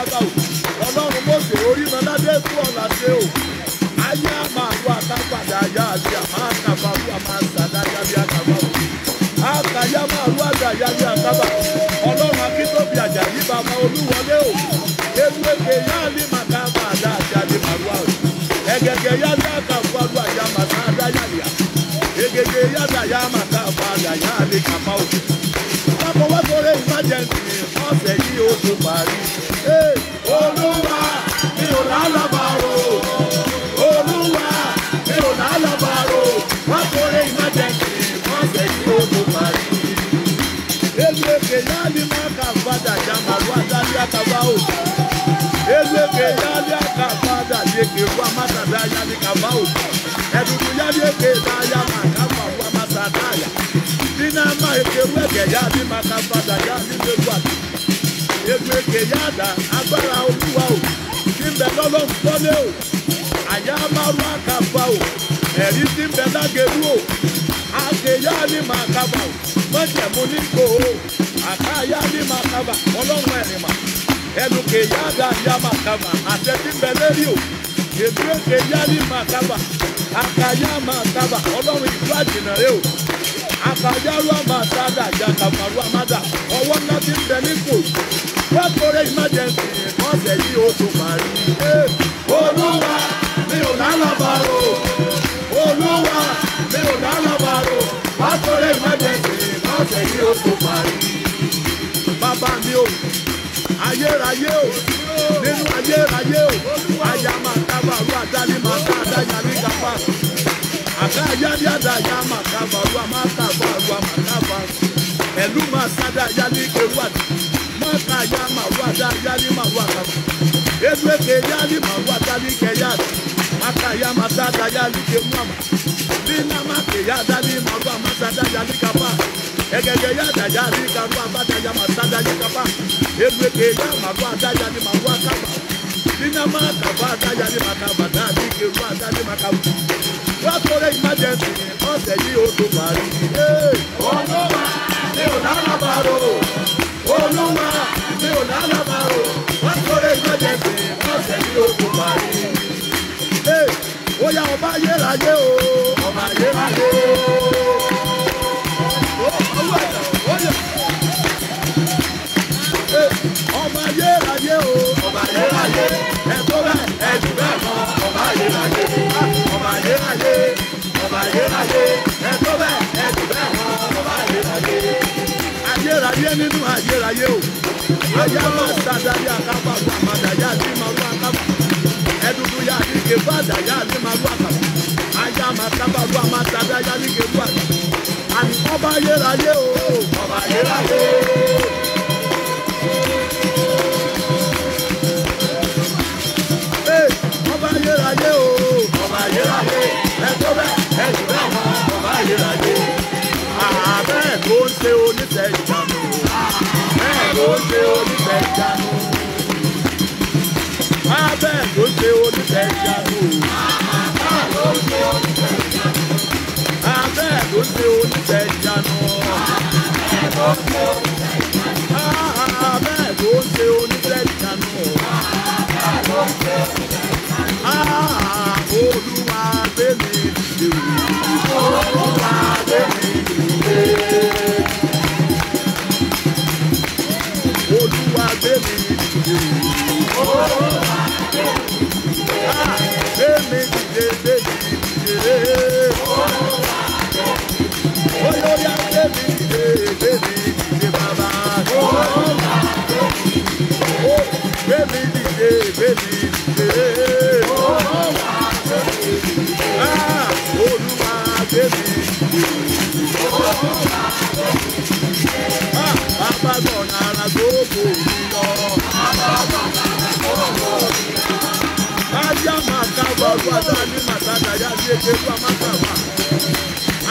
alágbá o ọlọ́run mọ̀sẹ̀ orí mọ́ládé fún ọ̀la ṣe o ayé àmà àwọn àtàgbàdà ayé àti àmà àkàbà fún àmà àsàdá yàrá àkàbà o àkàyà máa lú àgbà yàrá àkàbà ọlọ́run akíntóbi àjàyí bàbá olúwọlé o ewúrẹ́kẹ̀ yáàlì màkà màdà àti àdè màrúwà o ẹ̀gẹ̀gẹ̀ yáàlì àkàbọ̀ àlọ́ àyà màkà àdá yàrá ẹ̀gẹ̀gẹ̀ yáàlì àyà màkà àbàdà yàrá àkàbà o. Fọwọ́sọ̀rẹ́ emergency ọ̀sẹ̀ yìí ó tún parí lálàbàrò olúwa mi ò lálàbàrò wọ́n kórè emergency wọ́n ṣe kí ogun parí. Elueke yálì máa kà padà jàmàlú àtàlí àkàbà o. Elueke yálì àkà padà yèké wá mátàdá yálì kàbà o. Ẹ̀dùnkù yálì èké dáyà máa kà fà wá mátàdáyà. Dínà máa èké wẹ̀kẹ̀ yálì máa kà padà yálì lẹ́gbàdì. Elueke o bẹ lọ́lọ́ fọ́lé o àyà máa ru àkàfà o ẹ̀rí tí ń bẹ lágẹ̀rú o àkèyá ni màá kaba o mọ̀jẹ̀mú ní kò o àkáyá ni màá kaba ọlọ́run ẹ̀rìn mà ẹnukèyá dàdíà màá kaba àtẹ̀tí bẹ lérí o èdúrókèyá ni màá kaba àkáyá màá kaba ọlọ́run ìlú àjìnà rẹ o àkàjáró àmàtàdà jàkàmàrú àmàdà ọwọ́ náà ti bẹ ní kò corporate emergency kọ́sẹ̀ yìí ó tún parí. olúwa mi ò lálàbàrò olúwa mi ò lálàbàrò corporate emergency kọ́sẹ̀ yìí ó tún parí. bàbá mi ò ayérayé o nínú ayérayé o àyà máa dábà ru àdáni máa dá àdáyà ní kápá àká ayáni àdáyà máa dábà ru àmà dábà ru àmà dábà ẹlú máa sádà yá ní ewu àdìgbò ya ni kaya mawada yali mawakama edweke yali mawatali keyali makaya masada yali kemwama linamake yadali marwa masada yali kapa egege yada yali karwa bada ya masada yali kapa edweke ya ni ni ya mawada ni mawakama linamaka bada yali makaba dali kerwa dali makaba wakore emergency ọsẹ yìí ó to parí. ọ̀nà wa ni ò dáná parọ́ olúwa mi ò lálàbà o wọ́n kórè gbọ́dẹ̀ pé wọ́n ṣe ní ojú parí. ó yá ọba ayérayé o ọba ayérayé o ọwọ́ ẹ̀dá ó yẹ. ọba o ọba nínú ayérayé o ayé máa sàdáyà kápákọ̀ àmàdáyà àti màlúù àkàkọ̀ ẹdùdù yà ní kébà àdáyà àti màlúù àkàkọ̀ ayé àmà kápákọ̀ àmàdáyà ní kébà àdáyà àti ọba ayérayé o ọba ayérayé o. ló ṣe onífẹ̀ ìjánu. Abẹ́ ló ṣe onífẹ̀ ìjánu. Abẹ́ ló ṣe onífẹ̀ ìjánu. Abẹ́ ló ṣe onífẹ̀ ìjánu. Abẹ́ ah, ló ṣe onífẹ̀ ìjánu. Abẹ́ ah, ló ṣe onífẹ̀ ìjánu. Abẹ́ ló ṣe onífẹ̀ ìjánu. Olúwa. Bàbá gbọ̀nà ara gbogbo. Aya makawa ruada ni matata ya yeke kwa makawa.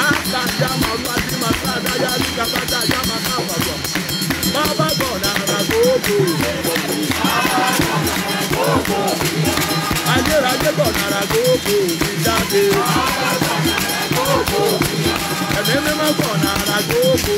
Ata ya mawa ni matata ya ni kapata ya makawa kwa. Baba gona na gogo. Aye raje gona na gogo jade. Ẹ̀mí mímọ́ gona na gogo.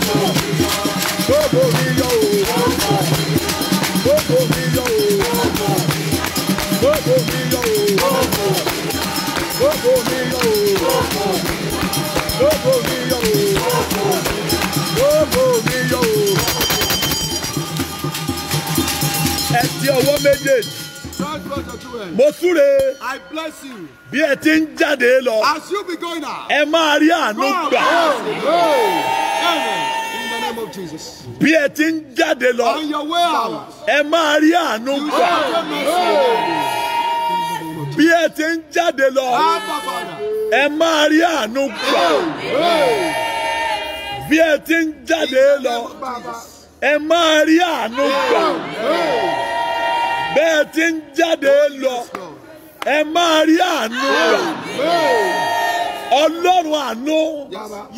méjèèjì. Mo súre. I bless you. Bí ẹ ti ń jáde lọ. As you be going out. Ẹ máa rí àánú gbà. In the name of Jesus. Bí ẹ ti ń jáde lọ. On your way out. Ẹ máa rí àánú gbà. Bí ẹ ti ń jáde lọ. Ah, ẹ máa rí àánú gbà bí ẹ ti ń jáde lọ ẹ máa rí àánú gbà bẹ́ẹ̀ ti ń jáde lọ ẹ máa rí àánú rà ọlọ́run àánú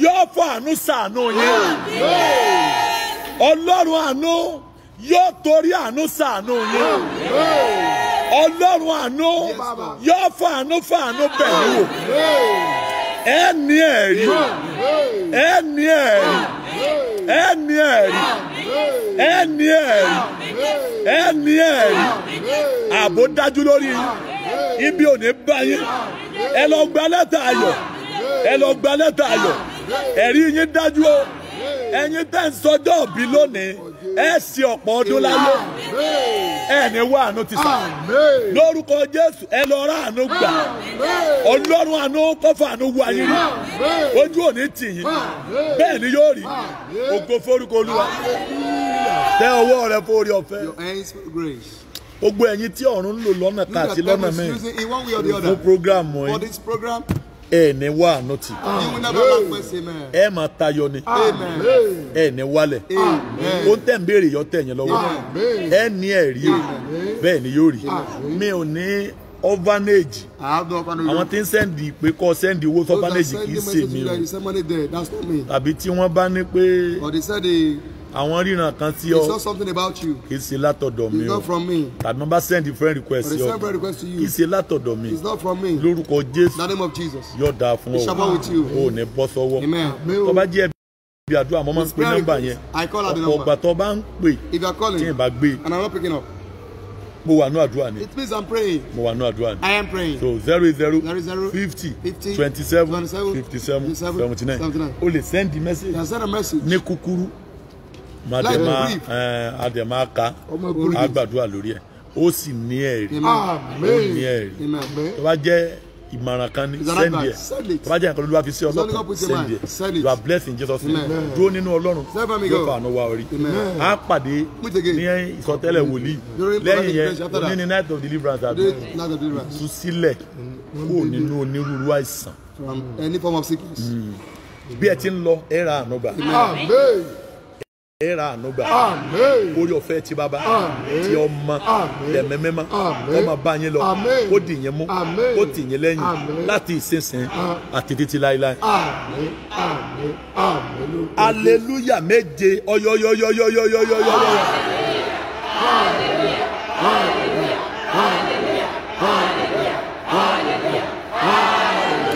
yóò fọ àánú sàánú yín ọlọ́run àánú yóò torí àánú sàánú yín ọlọ́run àánú yóò fọ àánú fọ àánú pẹ̀lú ẹ ní ẹ̀rí ẹ ní ẹ̀rí ẹni ẹ̀rí ẹni ẹ̀rí ẹni ẹ̀rí ààbò dájú lórí ibi ò ní bá yín ẹ lọ gba lẹ́tà ayọ̀ ẹ lọ gba lẹ́tà ayọ̀ ẹ̀rí yín dájú o ẹ̀yin tẹ́ ń sọjọ́ òbí lónìí ẹ sì ọ̀pọ̀ ọdún láyé ẹ ní wá àánú ti sà lórúkọ Jésù ẹ lọ rà àánú gbà Ọlọ́run àánú kọ́fà àánú wá yín rí ojú òní tì yín bẹ́ẹ̀ ni yóò rí ògo forúkọ Olúwa tẹ ọwọ́ rẹ fún orí ọ̀fẹ́ gbogbo ẹ̀yin tí ọ̀run ń lò lọ́nà kàti lọ́nà mẹ́rin fún program wọ̀nyí ẹ ní wá àánú tì. Ah. ẹ máa tayọ ni ah. ẹ ní wálẹ̀ ó ń tẹ̀ ń béèrè yọ tẹ̀ yẹn lọ́wọ́ ẹ ní ẹ̀rí o bẹ́ẹ̀ ni yóò rí mi ò ní orphanage àwọn tí ń sẹ́ndì pé kọ́ sẹ́ndì owó fún orphanage kì í ṣe mi o tàbí tí wọ́n bá ní pé àwọn ríran kan sí ọ. he saw something about you. kì í ṣe látọ̀dọ̀ mi o. it's not from me. tàbí wọ́n bá send friend request sí ọ. to you. kì í ṣe látọ̀dọ̀ mi. it's not from me. lórúkọ jésù. in the name of jesus. yóò fún ọ. shall be with you. o ò ní bọ́ sọ́wọ́. amen. tó bá jẹ́ bí àdúrà mo máa ń pe nọ́mbà yẹn ọ̀pọ̀ ọgbà tó bá ń pè tí n bá gbé mo wà ní àdúrà ni. it means i'm praying. mo wà ní àdúrà ni. i am praying. so zero zero zero fifty twenty seven fifty seven seventy nine o lè send the message. send a message. ní kúkúrú madema adema ka agbàdúrà lórí ẹ ó sì ní ẹ̀rí ó ní ẹ̀rí tó bá jẹ́ ìmọ̀ràn kan ní sẹ́ndì ẹ̀ tó bá jẹ́ nǹkan olúwa fi sí ọlọ́kan sẹ́ndì ẹ̀ you are blessed in Jesus name dúró nínú ọlọ́run yóò fa àánú wa orí a pàdé ní ìsọtẹ́lẹ̀ wòlíì lẹ́yìn yẹn oní ní night of deliverance àti ìtúsílẹ̀ kó nínú onírúurú àìsàn hmm. bí ẹ ti ń lọ ẹ ra àánú gbà ẹ ra àánú gbà orí ọ̀fẹ́ ti bàbá ti ọmọ lẹ́mẹ́mẹ́má ọmọ bá yín lọ kó dì yín mú kó tì yín lẹ́yìn láti ìsinsìn ah. àti títí láéláé. aleluya méje ọyọyọyọyọyọyọyọ. Hallelujah! Hallelujah! Hallelujah! Hallelujah!